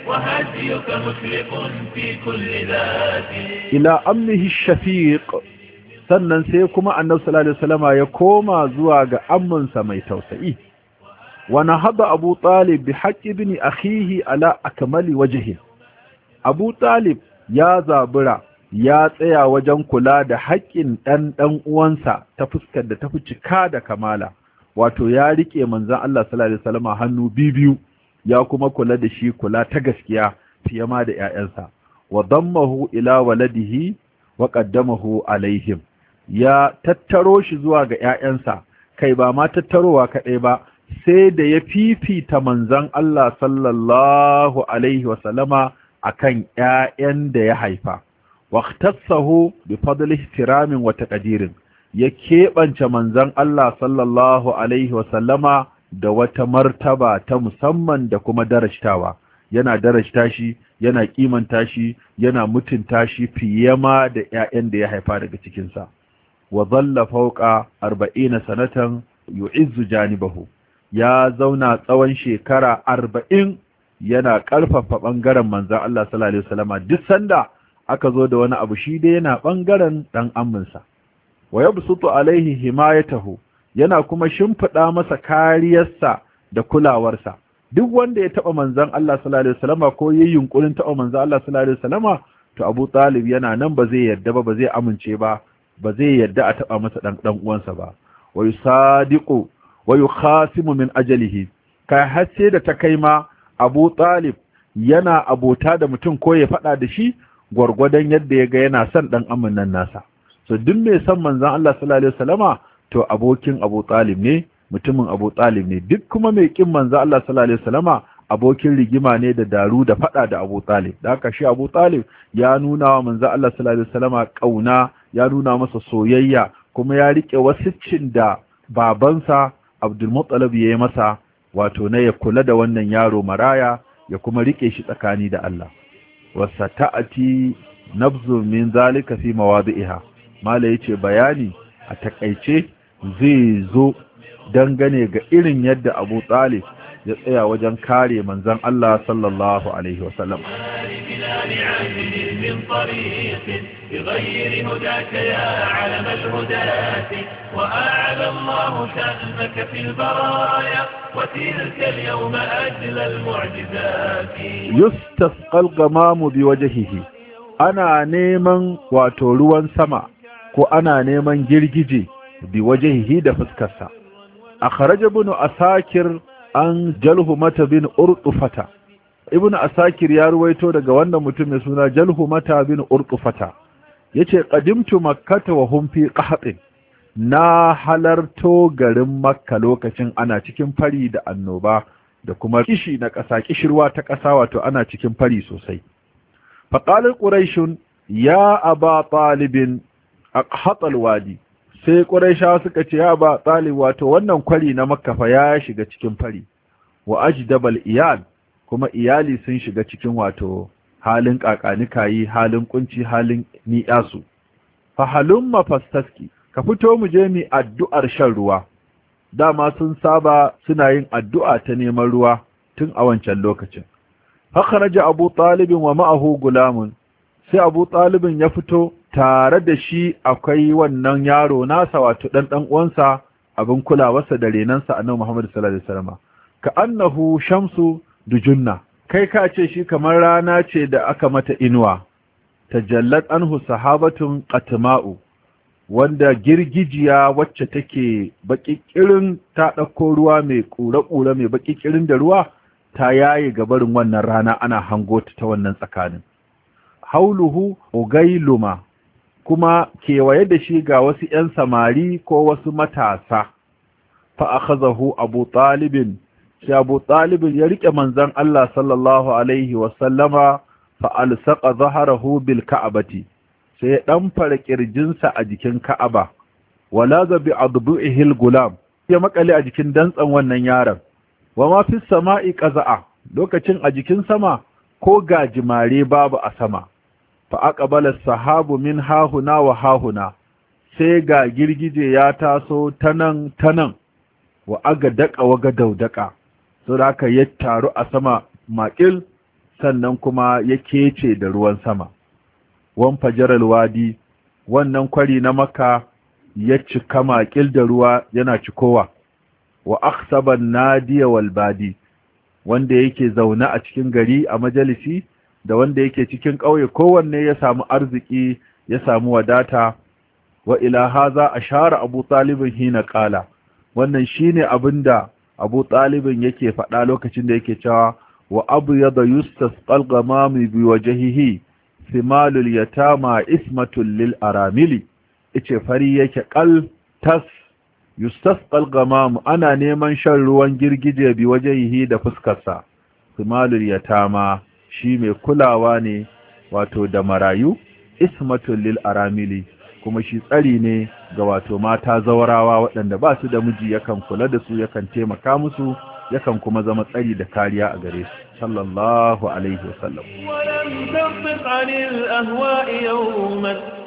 S1: وهديك مشرق في كل ذات
S3: إلى أمنه الشفيق sannan sai kuma annabi sallallahu ya koma zuwa ga ammansa mai tausayi wa nahaba abu talib bi haqqi a akhihi ala akmali wajhi abu talib ya zabura ya tsaya wajen kula da haƙƙin ɗan ɗan uwansa ta fuskar da tafi cika da kamala wato ya riƙe manzon Allah sallallahu alaihi wasallama hannu bibiyu ya kuma kula da shi kula ta gaskiya fiye ma da 'ya'yansa. wa dammahu ila waladihi wa qaddamahu alaihim ya tattaro shi zuwa ga ‘ya'yansa, kai ba ma tattarowa kaɗai ba, sai da ya fifita manzan Allah sallallahu Alaihi wasallama a kan ‘ya'yan da ya haifa, waktassahu bi fadli tiramin wata ƙadirin, ya keɓance manzan Allah sallallahu Alaihi wasallama da wata martaba ta musamman da kuma darashtawa, yana darashta shi, yana kimanta shi, yana mutunta shi fiye ma da ‘ya'yan da ya haifa daga cikinsa. وظل فوق 40 سنه sanatan جانبه يا ya zauna tsawon shekara arba'in yana ƙarfafa ɓangaren manzan Allah sallallahu Alaihi wasallama duk sanda aka zo da wani abu shi dai yana ɓangaren ɗan aminsa. Wa ya alaihi himayatahu yana kuma shimfiɗa masa kariyarsa da kulawarsa. Duk wanda ya taɓa manzan Allah sallallahu Alaihi wasallama ko ya yunƙurin taɓa manzan Allah sallallahu Alaihi wasallama to Abu Talib yana nan ba zai yarda ba ba zai amince ba ba zai yarda a taɓa masa dan ɗan uwansa ba wa yusadiqu wa yukhasimu min ajalihi kai har sai da ta kai ma Abu Talib yana abota da mutum ko ya fada da shi gwargwadon yadda ya ga yana son dan aminan nasa so duk mai son manzon Allah sallallahu alaihi wasallama to abokin Abu Talib ne mutumin Abu Talib ne duk kuma mai ƙin manzon Allah sallallahu alaihi wasallama abokin rigima ne da daru da faɗa da Abu Talib da haka shi Abu Talib ya nuna wa manzon Allah sallallahu alaihi wasallama kauna ya nuna masa soyayya kuma ya riƙe wasu cin da babansa abdulmuttalab ya yi masa wato na ya kula da wannan yaro maraya ya kuma riƙe shi tsakani da Allah wasa ta'ati nabzu min zalika fi mawadi'iha mala yace bayani a takaice zai zo dangane ga irin yadda Abu Talib ya tsaya wajen kare manzon Allah sallallahu alaihi wasallam
S1: خلال عهد من طريق بغير هداك يا علم الهداة وأعلى الله شأنك في البرايا وتلك اليوم أجل المعجزات
S3: يستسقى القمام بوجهه أنا نيما واتولوا سما كو انا نيما جرججي بوجهه دفسكسا اخرج ابن اساكر ان bin asakir an ibn asakir ya ruwaito daga wannan mutum mai suna jalhu mata bin urqufata yace qadimtu makkata wa hum fi na halarto garin makka lokacin ana cikin fari da annoba da kuma kishi na ƙasa kishirwa ta ƙasa wato ana cikin fari sosai faqala quraish ya aba talibin aqhat alwadi sai quraisha suka ce ya ba talib wato wannan kwari na makka fa ya shiga cikin fari wa ajdabal iyad kuma iyali sun shiga cikin wato halin kakanikayi halin ƙunci, halin ni'yasu fahalun mafastaski ka fito mu je mi addu'ar shan ruwa dama sun saba suna yin addu'a ta neman ruwa tun a wancan lokacin fa ji abu talibin wa ma'ahu gulamun sai abu talibin ya fito tare da shi akwai wannan yaro nasa wato dan dan uwansa abin kulawarsa da renansa annabi Muhammad sallallahu alaihi wasallam ka annahu shamsu dujunna kai ka ce shi kamar rana ce da aka mata inuwa tajallat anhu sahabatun qatma'u wanda girgijiya wacce take bakikirin ta ɗauko ruwa mai kura-kura mai bakikirin da ruwa ta yaye gabarin wannan rana ana hango ta ta wannan tsakanin hauluhu ugailuma kuma kewaye da shi ga wasu 'yan samari ko wasu matasa fa akhazahu abu talibin shabu ɗalibin ya riƙe manzan Allah sallallahu alaihi wasallama fa'alsaƙa zaharahu bil ka'abati sai ya ɗan fara ƙirjinsa a jikin ka'aba wala zabi ihil gulam ya maƙale a jikin dantsan wannan yaron wa ma fi sama'i za'a? lokacin a jikin sama ko gajimare babu a sama fa aqbala sahabu min hahuna wa hahuna sai ga girgije ya taso tanan tanan wa aga daka wa ga daudaƙa. so da haka ya taru a sama makil sannan kuma ya kece da ruwan sama wan fajaral wadi wannan kwari na maka ya cika makil da ruwa yana cikowa wa akhsaban nadiya wal badi wanda yake zaune a cikin gari a majalisi da wanda yake cikin ƙauye kowanne ya samu arziki ya samu wadata wa za a share abu talibin hina ƙala, wannan shine abinda abu ɗalibin yake faɗa lokacin da yake cewa wa abu ya da yustas ƙalgamami biwa jihihi simalul ya tama ismatul lil aramili ice fari yake ƙal tas yustas mu ana neman shan ruwan girgije bi jihihi da fuskarsa simalul ya tama shi mai kulawa ne wato da marayu ismatul lil aramili kuma shi tsari ne ga wato mata zawarawa waɗanda ba su da miji yakan kula da su yakan taimaka musu yakan kuma zama tsari da kariya a gare su sallallahu alaihi wasallam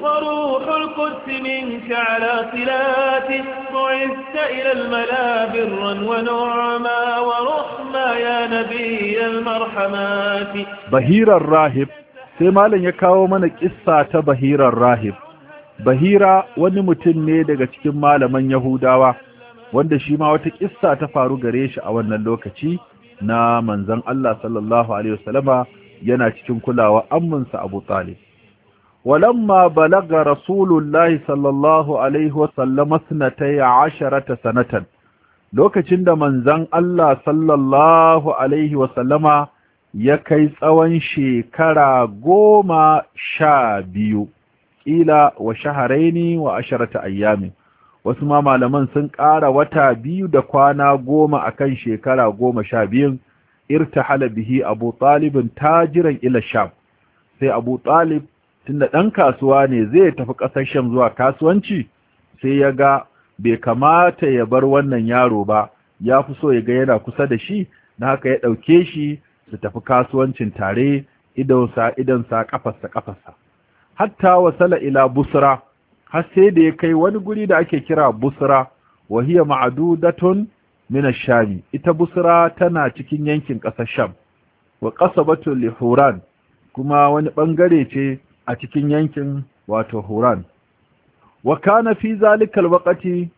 S4: وروح القدس منك على صلات بعثت إلى الملا برا ونعما ورحما يا نبي المرحمات
S3: بهير الراهب sai malam ya kawo mana ƙissa ta bahirar rahib bahira wani mutum ne daga cikin malaman yahudawa wanda shi ma wata ƙissa ta faru gare shi a wannan lokaci na Manzan Allah sallallahu alaihi wasallama yana cikin kulawa amminsa Abu Talib walamma balaga rasulullahi sallallahu alaihi wasallam 12 sanatan lokacin da Manzan Allah sallallahu alaihi wasallama ya kai tsawon shekara goma sha biyu kila wa shaharaini wa asharata ayyami wasu ma malaman sun ƙara wata biyu da kwana goma akan shekara goma sha biyun irtahala bihi abu talibin tajiran ila sham sai abu talib tunda ɗan kasuwa ne zai tafi ƙasar sham zuwa kasuwanci sai ya ga bai kamata ya bar wannan yaro ba ya fi so ya ga yana kusa da shi na haka ya ɗauke shi su tafi kasuwancin tare idonsa idonsa ƙafarsa ƙafarsa hatta wasala ila busra har sai da ya kai wani guri da ake kira busra wa hiya ma'dudatun min ash-sham ita busra tana cikin yankin ƙasar sham wa qasabatu li huran kuma wani bangare ce a cikin yankin wato huran wa kana fi zalika al-waqti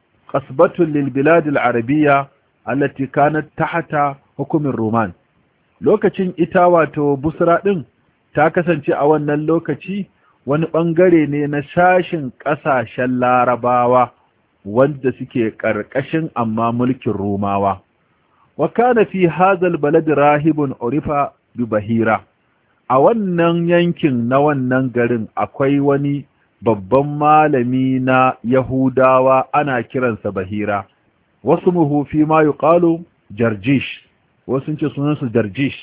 S3: lil bilad al-arabiyya allati kanat tahta hukumin roman lokacin ita wato busra din ta kasance a wannan lokaci wani ɓangare ne na sashin ƙasashen larabawa wanda suke ƙarƙashin amma mulkin romawa wa fi hazal balad rahibun orifa bi bahira a wannan yankin na wannan garin akwai wani babban malami na yahudawa ana kiransa bahira wasu muhufi ma ƙalo jarjish wasu ce sunansu jarjish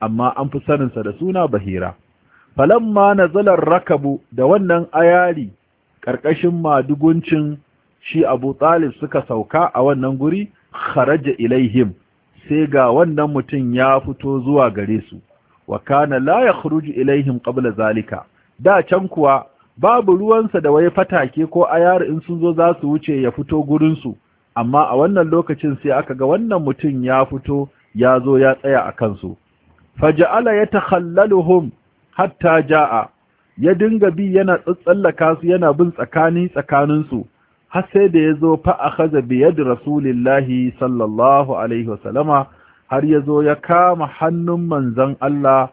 S3: amma an fi saninsa da suna bahira falamma zalar rakabu da wannan ayari ƙarƙashin maduguncin shi abu talib suka sauka a wannan guri kharaja ilaihim sai ga wannan mutum ya fito zuwa gare su wa kana la yakhruju ilaihim qabla zalika da can kuwa babu ruwansa da wai fatake ko ayar in sun zo za su wuce ya fito gurin su amma a wannan lokacin sai aka ga wannan mutum ya fito ya zo ya tsaya a kansu faja'ala yatakhallaluhum hatta ja'a ya dinga bi yana tsallaka su yana bin tsakani tsakanin su har sai da zo fa akhadha bi da rasulillahi sallallahu alaihi wasallama har yazo ya kama hannun manzan Allah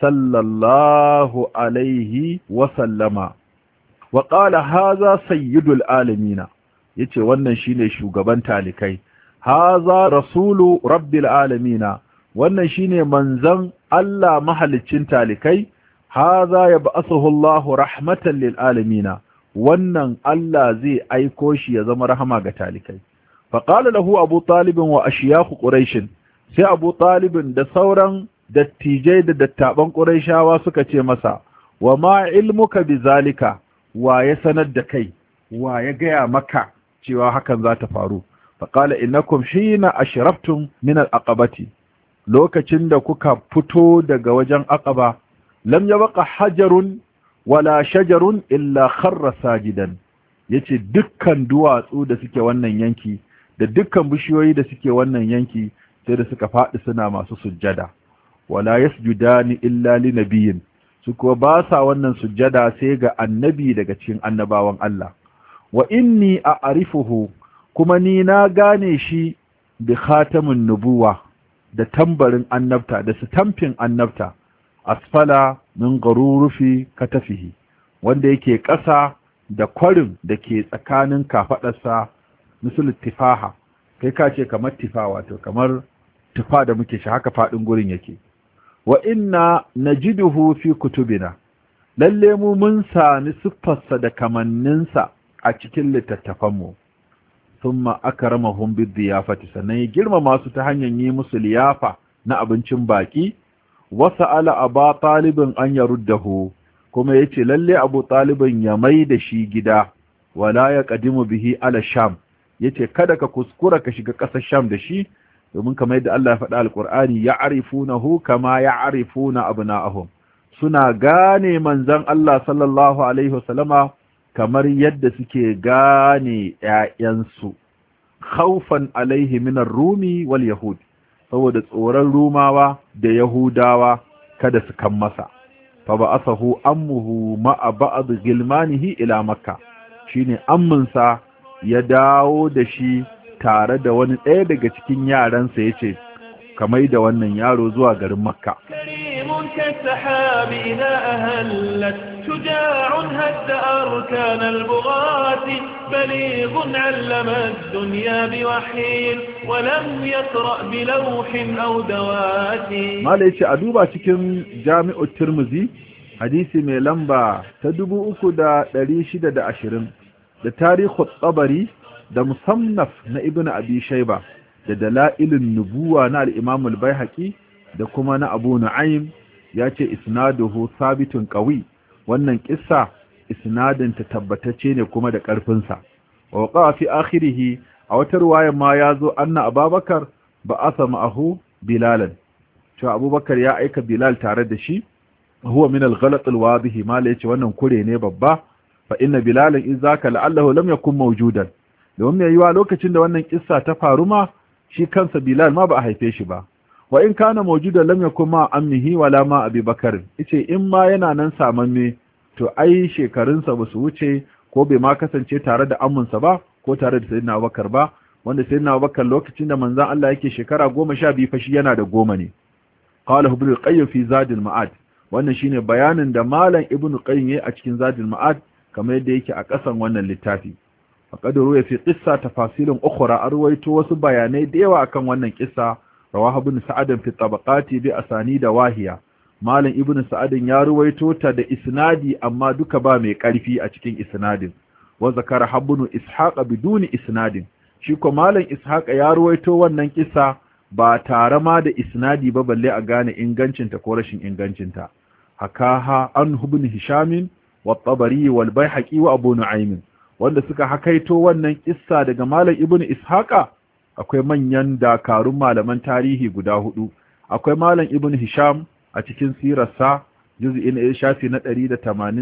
S3: sallallahu alaihi wasallama wa qala hadha sayyidul Ya yace wannan ne shugaban talikai haza rasulu rabbil alamina wannan shine manzon Allah mahaliccin talikai haza ya ba'asuhu Allahu rahmatan lil alamina wannan Allah zai aiko shi ya zama rahama ga talikai fa qala lahu abu talib wa ashyakh quraish sai abu talib da sauran dattijai da dattaban quraishawa suka ce masa wa ma ilmuka bizalika wa ya sanar da kai wa ya gaya maka cewa hakan za ta faru faƙala innakum shina ashraftum min al-aqabati lokacin da kuka fito daga wajen aqaba lam ya baka hajarun wala shajarun illa kharra sajidan yace dukkan duwatsu da suke wannan yanki da dukkan bishiyoyi da suke wannan yanki sai da suka faɗi suna masu sujjada wala yasjudani illa linabiyin su kuwa ba sa wannan sujjada sai ga annabi daga cikin annabawan Allah wa inni a'rifuhu kuma ni na gane shi bi khatamin nubuwa da tambarin annabta da sitamfin annabta asfala min garurufi katafihi wanda yake ƙasa da kwarin da ke tsakanin kafaɗarsa misalin tifaha kai ka ce kamar tifa wato kamar tufa da muke shi haka faɗin gurin yake wa inna najiduhu fi kutubina lalle mu mun sami siffarsa da kamanninsa a cikin littattafanmu thumma akramahum bidiyafati sannan ya girmama su ta hanyar yi musu liyafa na abincin baki wasa ala aba talibin an ya ruddahu kuma ya ce lalle abu talibin ya mai da shi gida wala ya kadimu bihi ala sham ya ce kada ka kuskura ka shiga ƙasar sham da shi domin kamar yadda Allah ya faɗa alƙur'ani ya arifunahu kama ya na abna'ahum suna gane manzon Allah sallallahu alaihi wasallama kamar yadda suke gane ‘ya'yansu, haufan alaihi minar Rumi wal Yahudi, saboda tsoron rumawa da yahudawa kada su kan masa fa ba asahu ammuhu ma'a gilmani gilmanihi ila makka shine amminsa ya dawo da shi tare da wani ɗaya daga cikin yaransa yace kamai da wannan yaro zuwa garin makka
S4: كالسحاب إذا أهلت شجاع هد أركان البغاة بليغ علم الدنيا بوحي ولم يقرأ بلوح أو دوات ما
S3: ليش أدوبا شكم جامع الترمزي حديث ميلمبا تدبو أكو دا دليش دا, أشرم دا تاريخ الطبري دا مصنف نا ابن أبي شيبة دا دلائل النبوة نا الإمام البيحكي da kuma na abu na'im ya ce isnaduhu sabitun qawi wannan kissa isnadin ta tabbatacce ne kuma da karfin sa wa waqa fi akhirih a wata ruwaya ma yazo anna ababakar ba'atha ma'ahu bilalan to abubakar ya aika bilal tare da shi huwa min al-ghalat al-wadih ma la yace wannan kure ne babba fa inna bilal in zaka la'allahu lam yakun mawjudan domin yayi wa lokacin da wannan kissa ta faru ma shi kansa bilal ma ba a haife shi ba wa in kana maujuda lam yakun ma ammihi wala ma abi bakar yace in ma yana nan samanne to ai shekarunsa ba su wuce ko bai ma kasance tare da sa ba ko tare da sayyidina Abubakar ba wanda sayyidina Abubakar lokacin da manzon Allah yake shekara 12 fashi yana da goma ne qala ibn qayyim fi zadil ma'ad wannan shine bayanin da malam ibn qayyim yayi a cikin zadil ma'ad kamar yadda yake a kasan wannan littafi faqad ya fi qissa tafasilun ukhra arwaito wasu bayanai da yawa akan wannan kissa rawahu ibn sa'ad fi tabaqati bi da wahiya malam ibn sa'ad ya ruwaito ta da isnadi amma duka ba mai karfi a cikin isnadin wa zakara habnu ishaq biduni isnadin shi ko malam ishaq ya ruwaito wannan kissa ba tare ma da isnadi ba balle a gane ingancinta ko rashin ingancinta hakaha an ibn hishamin wa tabari wal baihaqi wa abu nu'aym wanda suka hakaito wannan kissa daga malam ibn ishaqa akwai manyan dakarun malaman tarihi guda hudu akwai malam ibn hisham a cikin sirarsa juz'in na shafi na 180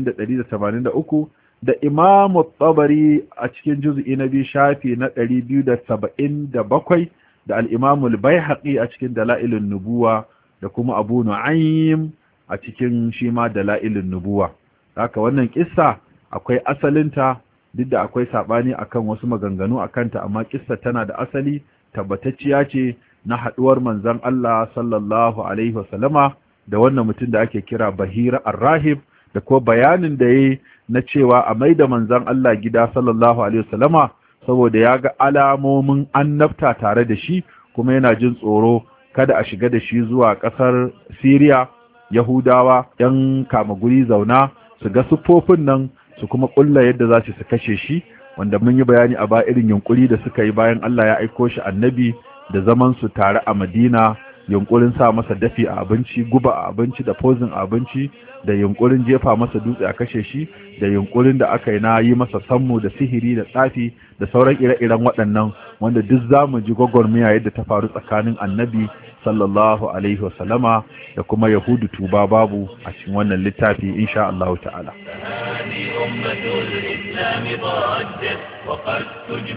S3: da 183 da imam tabari a cikin juz'i na biyu shafi na 277 da al-imam al-baihaqi a cikin dalailun nubuwa da kuma abu nu'aym a cikin shima ma dalailun nubuwa haka wannan kissa akwai asalinta duk da akwai saɓani akan wasu maganganu a kanta amma ƙissa tana da asali tabbatacciya ce na haɗuwar manzan Allah sallallahu alaihi wasallama da wannan mutum da ake kira Bahira Ar-Rahib da ko bayanin da yayi na cewa a mai da manzon Allah gida sallallahu alaihi wasallama saboda ya ga alamomin annabta tare da shi kuma yana jin tsoro kada a shiga da shi zuwa ƙasar Siriya, Yahudawa ‘yan kama guri zauna su ga siffofin nan su kuma kulla yadda za su kashe shi wanda mun yi bayani a ba irin yunkuri da suka yi bayan Allah ya aiko shi annabi da zaman su tare a Madina yunkurin sa masa dafi a abinci guba a abinci da pozin abinci da yunkurin jefa masa dutse a kashe shi da yunkurin da aka yi na yi masa sammu da sihiri da tsafi da sauran ire-iren waɗannan wanda duk za mu ji gwagwarmaya yadda ta faru tsakanin annabi sallallahu alaihi wasallama da kuma yahudu tuba babu a cikin wannan littafi insha Allah ta'ala
S1: وقد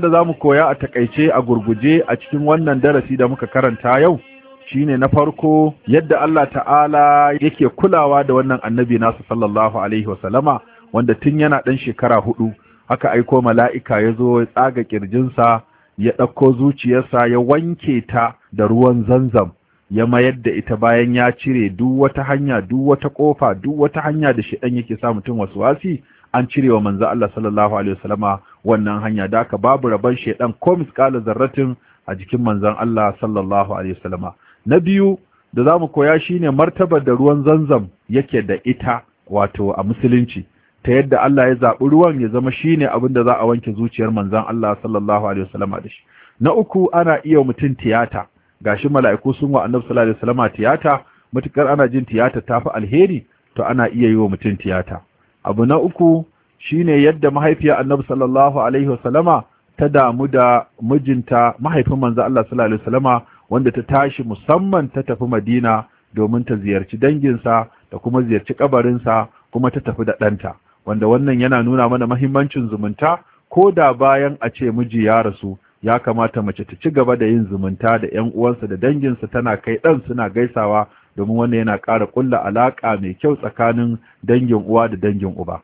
S1: da za mu
S4: koya a
S3: takaice a gurguje a cikin wannan darasi da muka karanta yau shine na farko yadda Allah ta'ala yake kulawa da wannan annabi nasu sallallahu alaihi wasallama wanda tun yana ɗan shekara hudu haka aiko mala'ika ya zo ya tsaga ƙirjinsa ya ɗauko zuciyarsa ya wanke ta da ruwan zanzam ya mayar da ita bayan ya cire duk wata hanya duk wata ƙofa duk wata hanya da shi yake sa mutum wasu wasi an cire wa manzo Allah sallallahu alaihi wasallama wannan hanya da aka babu rabon shedan ko misƙalar zarratin a jikin manzon Allah sallallahu alaihi wasallama na biyu da za mu koya shi ne martabar da ruwan zanzam yake da ita wato a musulunci ta yadda Allah ya zaɓi ruwan ya zama ne abin da za a wanke zuciyar manzan Allah sallallahu alaihi wasallam da shi na uku ana iya mutum tiyata gashi mala'iku sun wa annabi sallallahu alaihi wasallam tiyata mutukar ana jin tiyata tafi alheri to ana iya yi wa mutum tiyata abu na uku shine yadda mahaifiya annabi sallallahu alaihi wasallama ta damu da mijinta mahaifin manzo Allah sallallahu alaihi wasallama wanda ta tashi musamman ta tafi Madina domin ta ziyarci danginsa da kuma ziyarci kabarinsa kuma ta tafi da ɗanta wanda wannan yana nuna mana mahimmancin zumunta ko da bayan a ce miji ya rasu ya kamata mace ta ci gaba da yin zumunta da 'yan uwansa da danginsa tana kai ɗan suna gaisawa domin wannan yana ƙara ƙulla alaƙa mai kyau tsakanin dangin uwa da dangin uba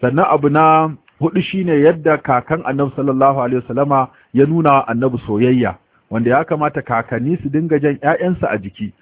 S3: sannan abu na hudu shine yadda kakan annabi sallallahu alaihi wasallama ya nuna annabi soyayya wanda ya kamata kakanni su dinga jan ƴaƴansu a jiki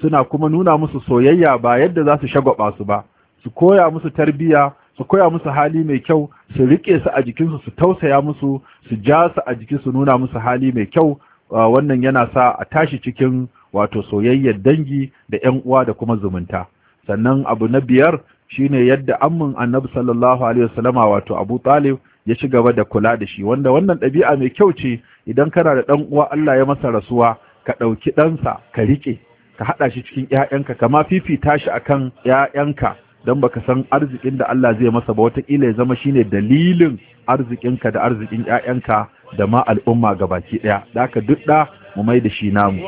S3: suna kuma nuna musu soyayya ba yadda za su shagwaba su ba su koya musu tarbiyya su koya musu hali mai kyau su riƙe su a jikinsu su tausaya musu su ja su a jiki su nuna musu hali mai kyau wannan yana sa a tashi cikin wato soyayyar dangi da 'yan uwa da kuma zumunta sannan abu na biyar shine yadda amman annabi sallallahu alaihi wasallama wato Abu Talib ya ci gaba da kula da shi wanda wannan ɗabi'a mai kyau ce idan kana da ɗan uwa Allah ya masa rasuwa ka ɗauki ɗansa ka riƙe ka haɗa shi cikin ‘ya'yanka ka ma fifita shi akan ‘ya'yanka don baka san arzikin da Allah zai masa ba wataƙila ya zama ne dalilin arzikinka da arzikin ‘ya'yanka da ma al'umma gabaki ɗaya da haka duk ɗa mu mai da shi namu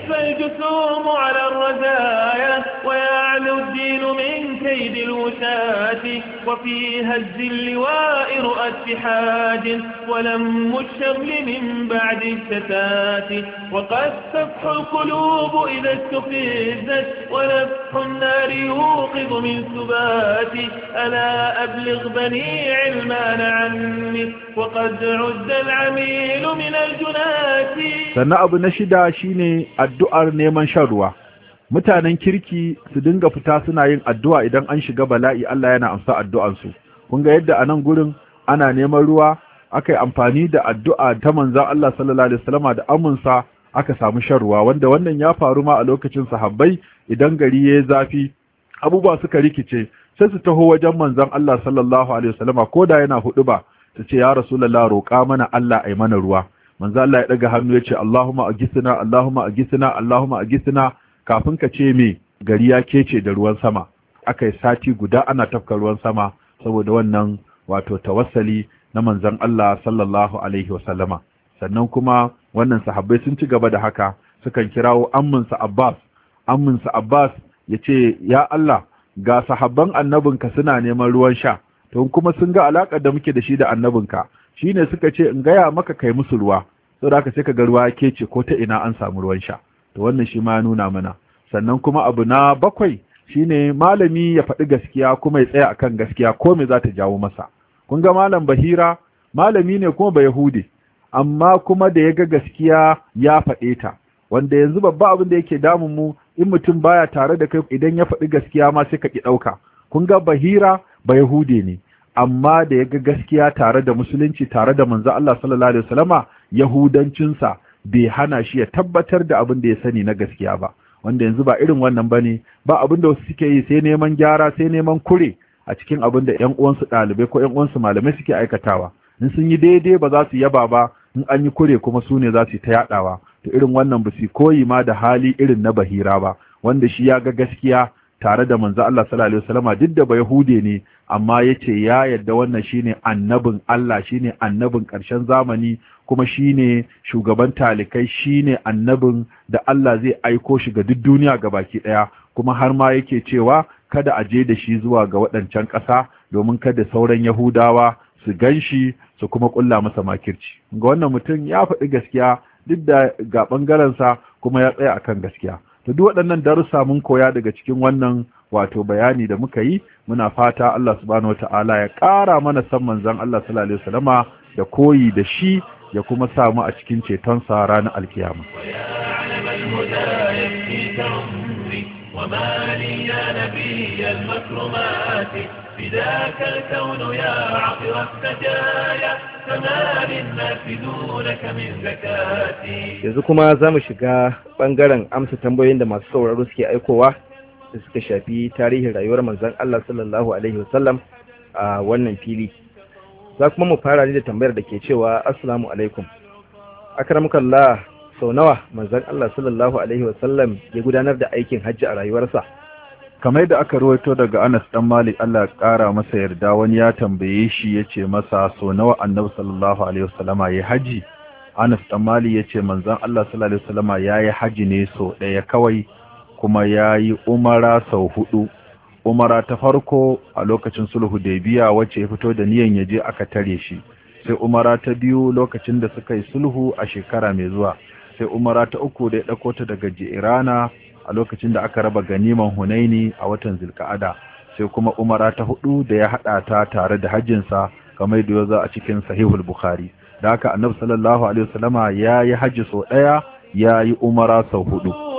S4: تكفى الجسوم على الرزايا ويعلو الدين من كيد الوشاة وفي هز اللواء رؤت ولم الشغل من بعد الشتات وقد تفح القلوب إذا استفزت ونفح النار يوقظ من سبات ألا أبلغ بني علمان عني وقد عد العميل من الجنات
S3: sannan abu na addu'ar neman shan ruwa mutanen kirki su dinga fita suna yin addu'a idan an shiga bala'i Allah yana amsa addu'ansu kun ga yadda a nan gurin ana neman ruwa aka yi amfani da addu'a ta manzon Allah sallallahu alaihi wasallama da amunsa aka samu shan ruwa wanda wannan ya faru ma a lokacin sahabbai idan gari ya zafi abubuwa suka rikice sai su taho wajen manzon Allah sallallahu alaihi wasallama ko da yana huduba su ce ya rasulullah roƙa mana Allah ai mana ruwa manzo Allah ya daga hannu ya ce Allahumma ajisna Allahumma ajisna Allahumma ajisna kafin ka ce me gari ya kece da ruwan sama aka yi sati guda ana tafka ruwan sama saboda wannan wato tawassali na manzon Allah sallallahu alaihi wasallama sannan kuma wannan sahabbai sun ci gaba da haka sukan kirawo amminsa Abbas amminsa Abbas ya ce ya Allah ga sahabban annabinka suna neman ruwan sha to kuma sun ga alaƙar da muke da shi da annabinka Shi ne suka ce in gaya maka kai musu ruwa sau da sai ka ga ruwa kece ko ta ina an samu ruwan sha to wannan shi ma nuna mana sannan kuma abu na bakwai shine malami ya faɗi gaskiya kuma ya tsaya akan gaskiya ko me za ta jawo masa kun ga malam Bahira malami ne kuma ba Yahudi amma kuma da ya ga gaskiya ya faɗe ta wanda yanzu babba abin da yake damun mu in mutum baya tare da kai idan ya faɗi gaskiya ma sai ka ki ɗauka kun ga Bahira ba Yahudi ne amma da ya ga gaskiya tare da musulunci tare da manzo Allah sallallahu alaihi wasallama yahudancinsa bai hana shi ya tabbatar da abin da ya sani na gaskiya ba wanda yanzu ba irin wannan bane ba abin da wasu suke yi sai neman gyara sai neman kure a cikin abin da ƴan uwansu ɗalibai ko ƴan uwansu malamai suke aikatawa in sun yi daidai ba za su yaba ba in an yi kure kuma su ne za su ta yaɗawa to irin wannan ba su koyi ma da hali irin na bahira ba wanda shi ya ga gaskiya tare da manzo Allah sallallahu alaihi wasallama duk da ba yahude ne amma ya ce ya yarda wannan shine annabin Allah shine annabin ƙarshen zamani kuma shine shugaban talikai shine annabin da Allah zai aiko shi ga duk duniya ga baki ɗaya kuma har ma yake cewa kada a je da shi zuwa ga waɗancan ƙasa domin kada sauran Yahudawa su gan shi su kuma ƙulla masa makirci ga wannan mutum ya faɗi gaskiya duk da ga ɓangarensa kuma ya tsaya akan gaskiya to duk waɗannan darussa mun koya daga cikin wannan wato bayani da muka yi muna fata Allah subhanahu wataala ya ƙara mana san manzon Allah sallallahu alaihi wasallama da koyi da shi ya kuma samu a cikin ceton sa ranar alkiyama
S2: yanzu kuma za mu shiga ɓangaren amsa tambayoyin da masu sauraro suke aikowa da suka shafi tarihin rayuwar manzon Allah sallallahu alaihi wasallam a wannan fili za kuma mu fara ne da tambayar da ke cewa assalamu alaikum akramukallah sau nawa manzon Allah sallallahu alaihi wasallam ya gudanar da aikin
S3: hajji a rayuwarsa kamar da aka ruwaito daga Anas dan Malik Allah ƙara kara masa yarda wani ya tambaye shi yace masa sau nawa annabi sallallahu alaihi wasallama ya haji Anas dan Malik yace manzon Allah sallallahu alaihi wasallama yayi haji ne so daya kawai kuma ya yi umara sau hudu umara ta farko a lokacin sulhu da biya wacce ya fito da niyan yaje aka tare shi sai umara ta biyu lokacin da suka yi sulhu a shekara mai zuwa sai umara ta uku da ya ɗauko ta daga jirana a lokacin da aka raba ganiman hunaini a watan zilka'ada sai kuma umara ta hudu da ya haɗa ta tare da hajjinsa kamar da za a cikin sahihul bukhari da haka annabi sallallahu alaihi wasallama ya yi hajji sau ɗaya ya yi umara sau hudu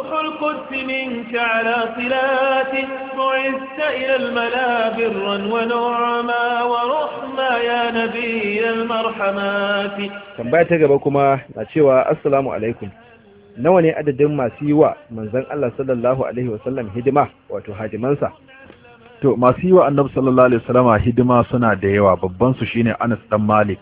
S4: الصف منك على صلات بعثت إلى الملا برا ونعما ورحما يا نبي المرحمات
S2: tambaya ta gaba kuma na cewa assalamu alaikum nawa ne adadin masu yi wa "Manzan Allah sallallahu alaihi wasallam hidima wato hajimansa
S3: to masu yi wa annabi sallallahu alaihi wasallam hidima suna da yawa babbansu shi ne Anas dan Malik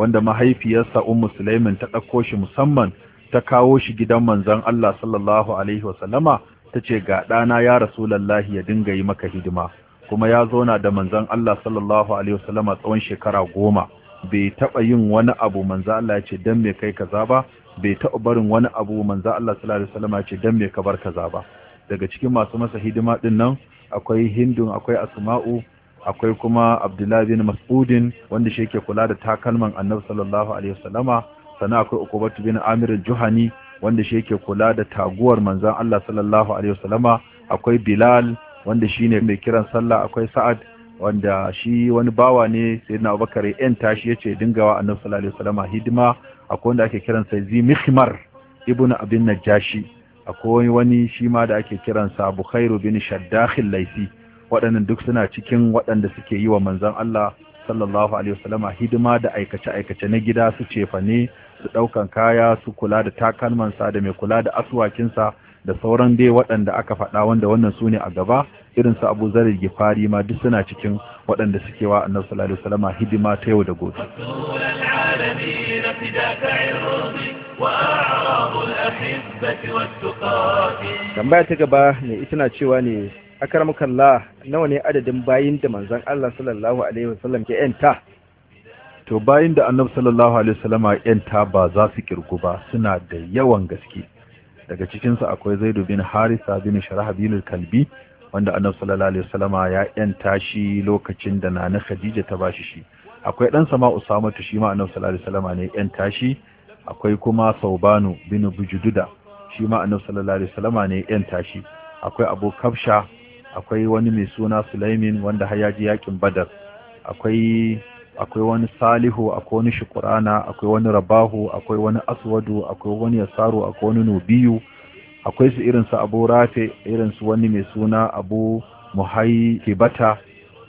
S3: wanda mahaifiyarsa Ummu Sulaiman ta ɗakko shi musamman ta kawo shi gidan manzan Allah sallallahu alaihi wasallama ta ce ga ɗana ya lallahi ya dinga yi maka hidima kuma ya zauna da manzan Allah sallallahu alaihi wasallama tsawon shekara goma bai taɓa yin wani abu manzan Allah ya ce don me kai za ba bai taɓa barin wani abu manzan Allah sallallahu alaihi ya ce dan me ka bar kaza ba daga cikin masu masa hidima ɗin nan akwai hindun akwai asma'u akwai kuma abdullahi bin mas'udin wanda shi yake kula da takalman annabi sallallahu alaihi wasallama sana akwai ukubatu bin amir juhani wanda shi yake kula da taguwar manzon Allah sallallahu alaihi wasallama akwai bilal wanda shi ne mai kiran sallah akwai sa'ad wanda shi wani bawa ne na abubakar ya tashi shi yace dingawa annabi sallallahu alaihi wasallama hidima akwai wanda ake kiran sa zi mihmar ibnu abin najashi akwai wani shi ma da ake kiran sa bukhairu bin shaddakhil laisi waɗannan duk suna cikin waɗanda suke yi wa manzon Allah sallallahu alaihi wasallama hidima da aikace aikace na gida su cefa ne su ɗaukan kaya su kula da takalmansa da mai kula da asuwakinsa da sauran dai waɗanda aka faɗa wanda wannan su ne a gaba irin su abu zarar gifari ma duk suna cikin waɗanda suke wa annabi sallallahu alaihi hidima ta yau da gobe tambaya ta gaba ne
S2: ita na cewa ne akaramukan la nawa ne adadin bayin da manzon Allah sallallahu alaihi wasallam ke yanta
S3: to bayin da annabi sallallahu alaihi wasallama yanta ba za su kirgu ba suna da yawan gaske daga cikin su akwai Zaid bin Harisa bin Sharah bin Kalbi wanda annabi sallallahu alaihi wasallam ya yanta shi lokacin da nana Khadija ta bashi shi akwai dan sama Usama to shi ma annabi sallallahu alaihi wasallam ne yanta shi akwai kuma Saubanu bin Bujududa shi ma annabi sallallahu alaihi wasallam ne yanta shi akwai Abu Kafsha akwai wani mai suna Sulaimin wanda har yaji yakin Badar akwai akwai wani salihu akwai wani shukurana akwai wani rabahu akwai wani aswadu akwai wani yasaru akwai wani nubiyu akwai su irin su abu rafe irin su wani mai suna abu muhayi kibata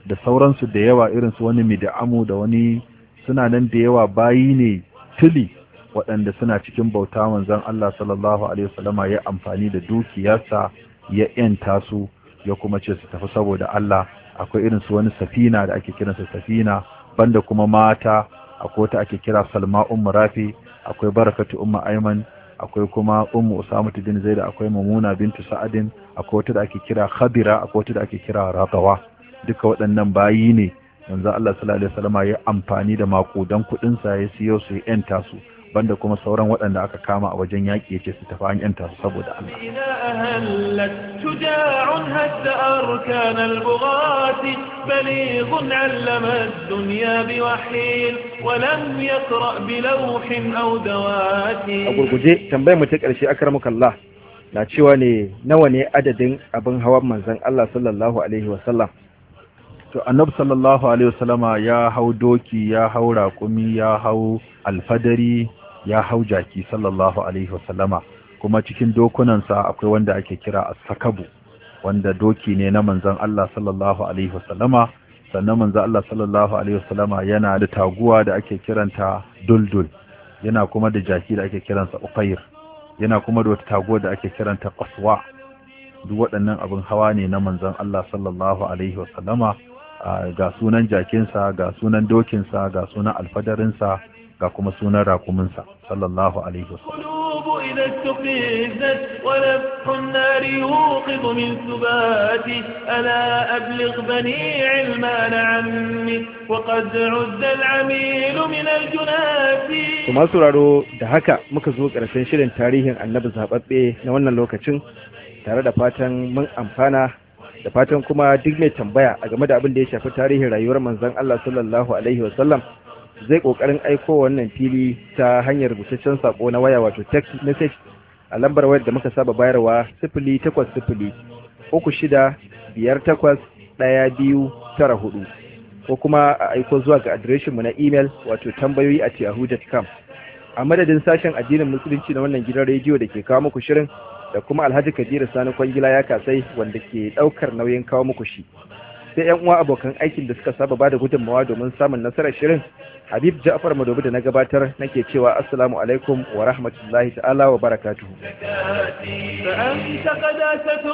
S3: da sauransu da yawa irin su wani mid'amu da wani suna nan da yawa bayi ne tuli waɗanda suna cikin bauta manzon Allah sallallahu alaihi wasallama ya amfani da dukiyarsa ya yanta su ya kuma ce su tafi saboda Allah akwai irin su wani safina da ake kiransa safina banda kuma mata akwai wata ake kira salma umu rafi akwai barakatu ummu aiman akwai kuma ummu usamatu zai da akwai mamuna bintu sa'adin akwai wata da ake kira khabira akwai wata da ake kira rakawa duka waɗannan bayi ne yanzu Allah sallallahu alaihi wasallam ya amfani da makudan kuɗinsa sa ya siyo su ya yanta su banda kuma sauran waɗanda aka kama a wajen yaƙi ce su tafi an yanta saboda Allah
S4: a gurguje
S2: tambayar mu ta ƙarshe akramukallah na cewa ne nawa ne adadin
S3: abin hawan manzon Allah sallallahu alaihi wasallam to annab sallallahu alaihi wasallama ya hau doki ya hau raƙumi ya hau alfadari ya hau jaki sallallahu alaihi wasallama kuma cikin dokunansa akwai wanda ake kira as-sakabu wanda doki ne na manzon Allah sallallahu alaihi wasallama sannan manzon Allah sallallahu alaihi wasallama yana da taguwa da ake kiranta duldul yana kuma da jaki da ake kiransa ufair yana kuma da wata taguwa da ake kiranta qaswa duk waɗannan abin hawa ne na manzon Allah sallallahu alaihi wasallama ah, ga sunan jakinsa ga sunan dokinsa ga sunan alfadarinsa ga kuma sunan rakuminsa sallallahu alaihi
S4: wasallam إذا استفزت ونفح النار يوقظ من ثباتي ألا أبلغ بني علمان عني وقد
S2: عد tare da fatan mun amfana da fatan kuma duk mai tambaya a game da abin da ya shafi tarihin rayuwar manzon Allah sallallahu alaihi wasallam zai kokarin aiko wannan fili ta hanyar rubutaccen sako na waya wato text message a lambar wayar da muka saba bayarwa sifili takwas sifili shida biyar hudu ko kuma a aiko zuwa ga mu na imel wato tambayoyi a yahoo.com a madadin sashen addinin musulunci na wannan gidan rediyo da ke kawo muku shirin da kuma alhaji kabiru sani kwangila ya kasai wanda ke ɗaukar nauyin kawo muku shi sai yan uwa abokan aikin da suka saba ba da gudunmawa domin samun nasarar shirin Habib Ja'far Madobi da na gabatar nake cewa assalamu alaikum wa rahmatullahi ta'ala wa barakatuhu.
S4: فأنت قداسة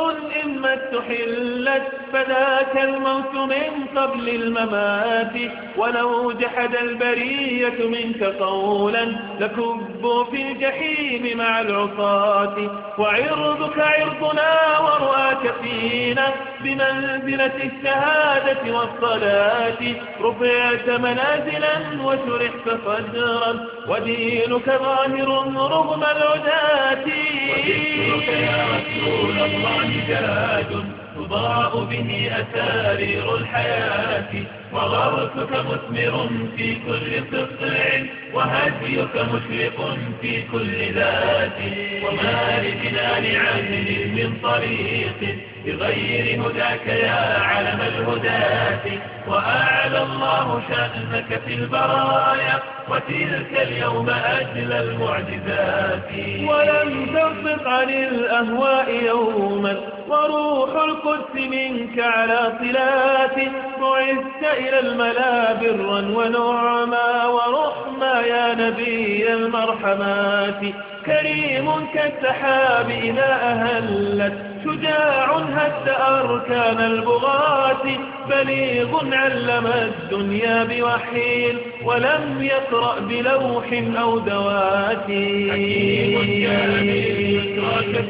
S4: فذاك الموت من قبل الممات ولو جحد البرية منك قولا لكبوا في الجحيم مع العصاة وعرضك عرضنا ورؤاك فينا بمنزلة الشهادة والصلاة رفعت منازلا وشرح فصدرا ودينك ظاهر رغم العداة
S1: وذكرك يا رسول الله جاد تضاء به أسارير الحياة وغرسك مثمر في كل قطع وهديك مشرق في كل ذات وما لجنان عدل من طريق بغير هداك يا علم الهداة وأعلى الله شأنك في البرايا وتلك اليوم أجلى المعجزات
S4: ولم تنطق عن الأهواء يوما وروح القدس منك على صلات بعثت إلى الملا برا ونعما ورحما يا نبي المرحمات كريم كالسحاب إذا أهلت شجاع هد أركان البغاة بليغ علم الدنيا بوحيل ولم يقرأ بلوح أو دوات حكيم كامل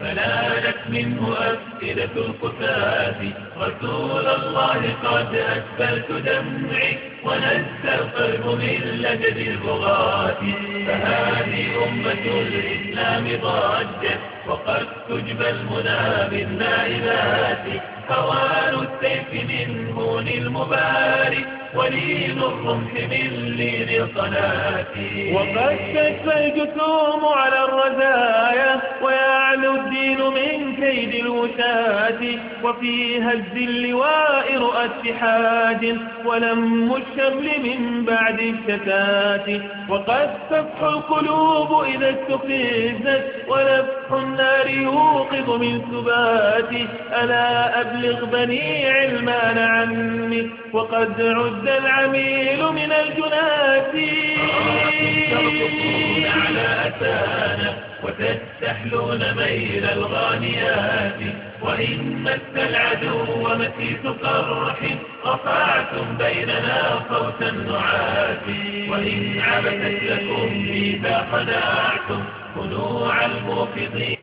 S1: فنالت منه أسئلة القساة رسول الله قد أسفلت دمعي ونزت القلب من لجد البغاة فهذه أمة الإسلام ضاجة وقد تجبى المنى بالنائبات هوان السيف من هون المبارك ولين الرمح من لين صلاتي
S4: وقد تكفيتكم على الرزايا ويعلو الدين من كيد الوشاة وفي هز اللواء رؤى اتحاد ولم الشمل من بعد الشتات وقد تفح القلوب إذا استفزت ولفح النار يوقظ من سبات ألا أبلغ بني علمان نعم؟ عني وقد عد رد العميل من الجنات
S1: على أتانا وتستحلون ميل الغانيات وإن مس العدو مسيس قرح رفعتم بيننا صوتا نعات وإن عبثت لكم إذا خدعتم خنوع الموقظين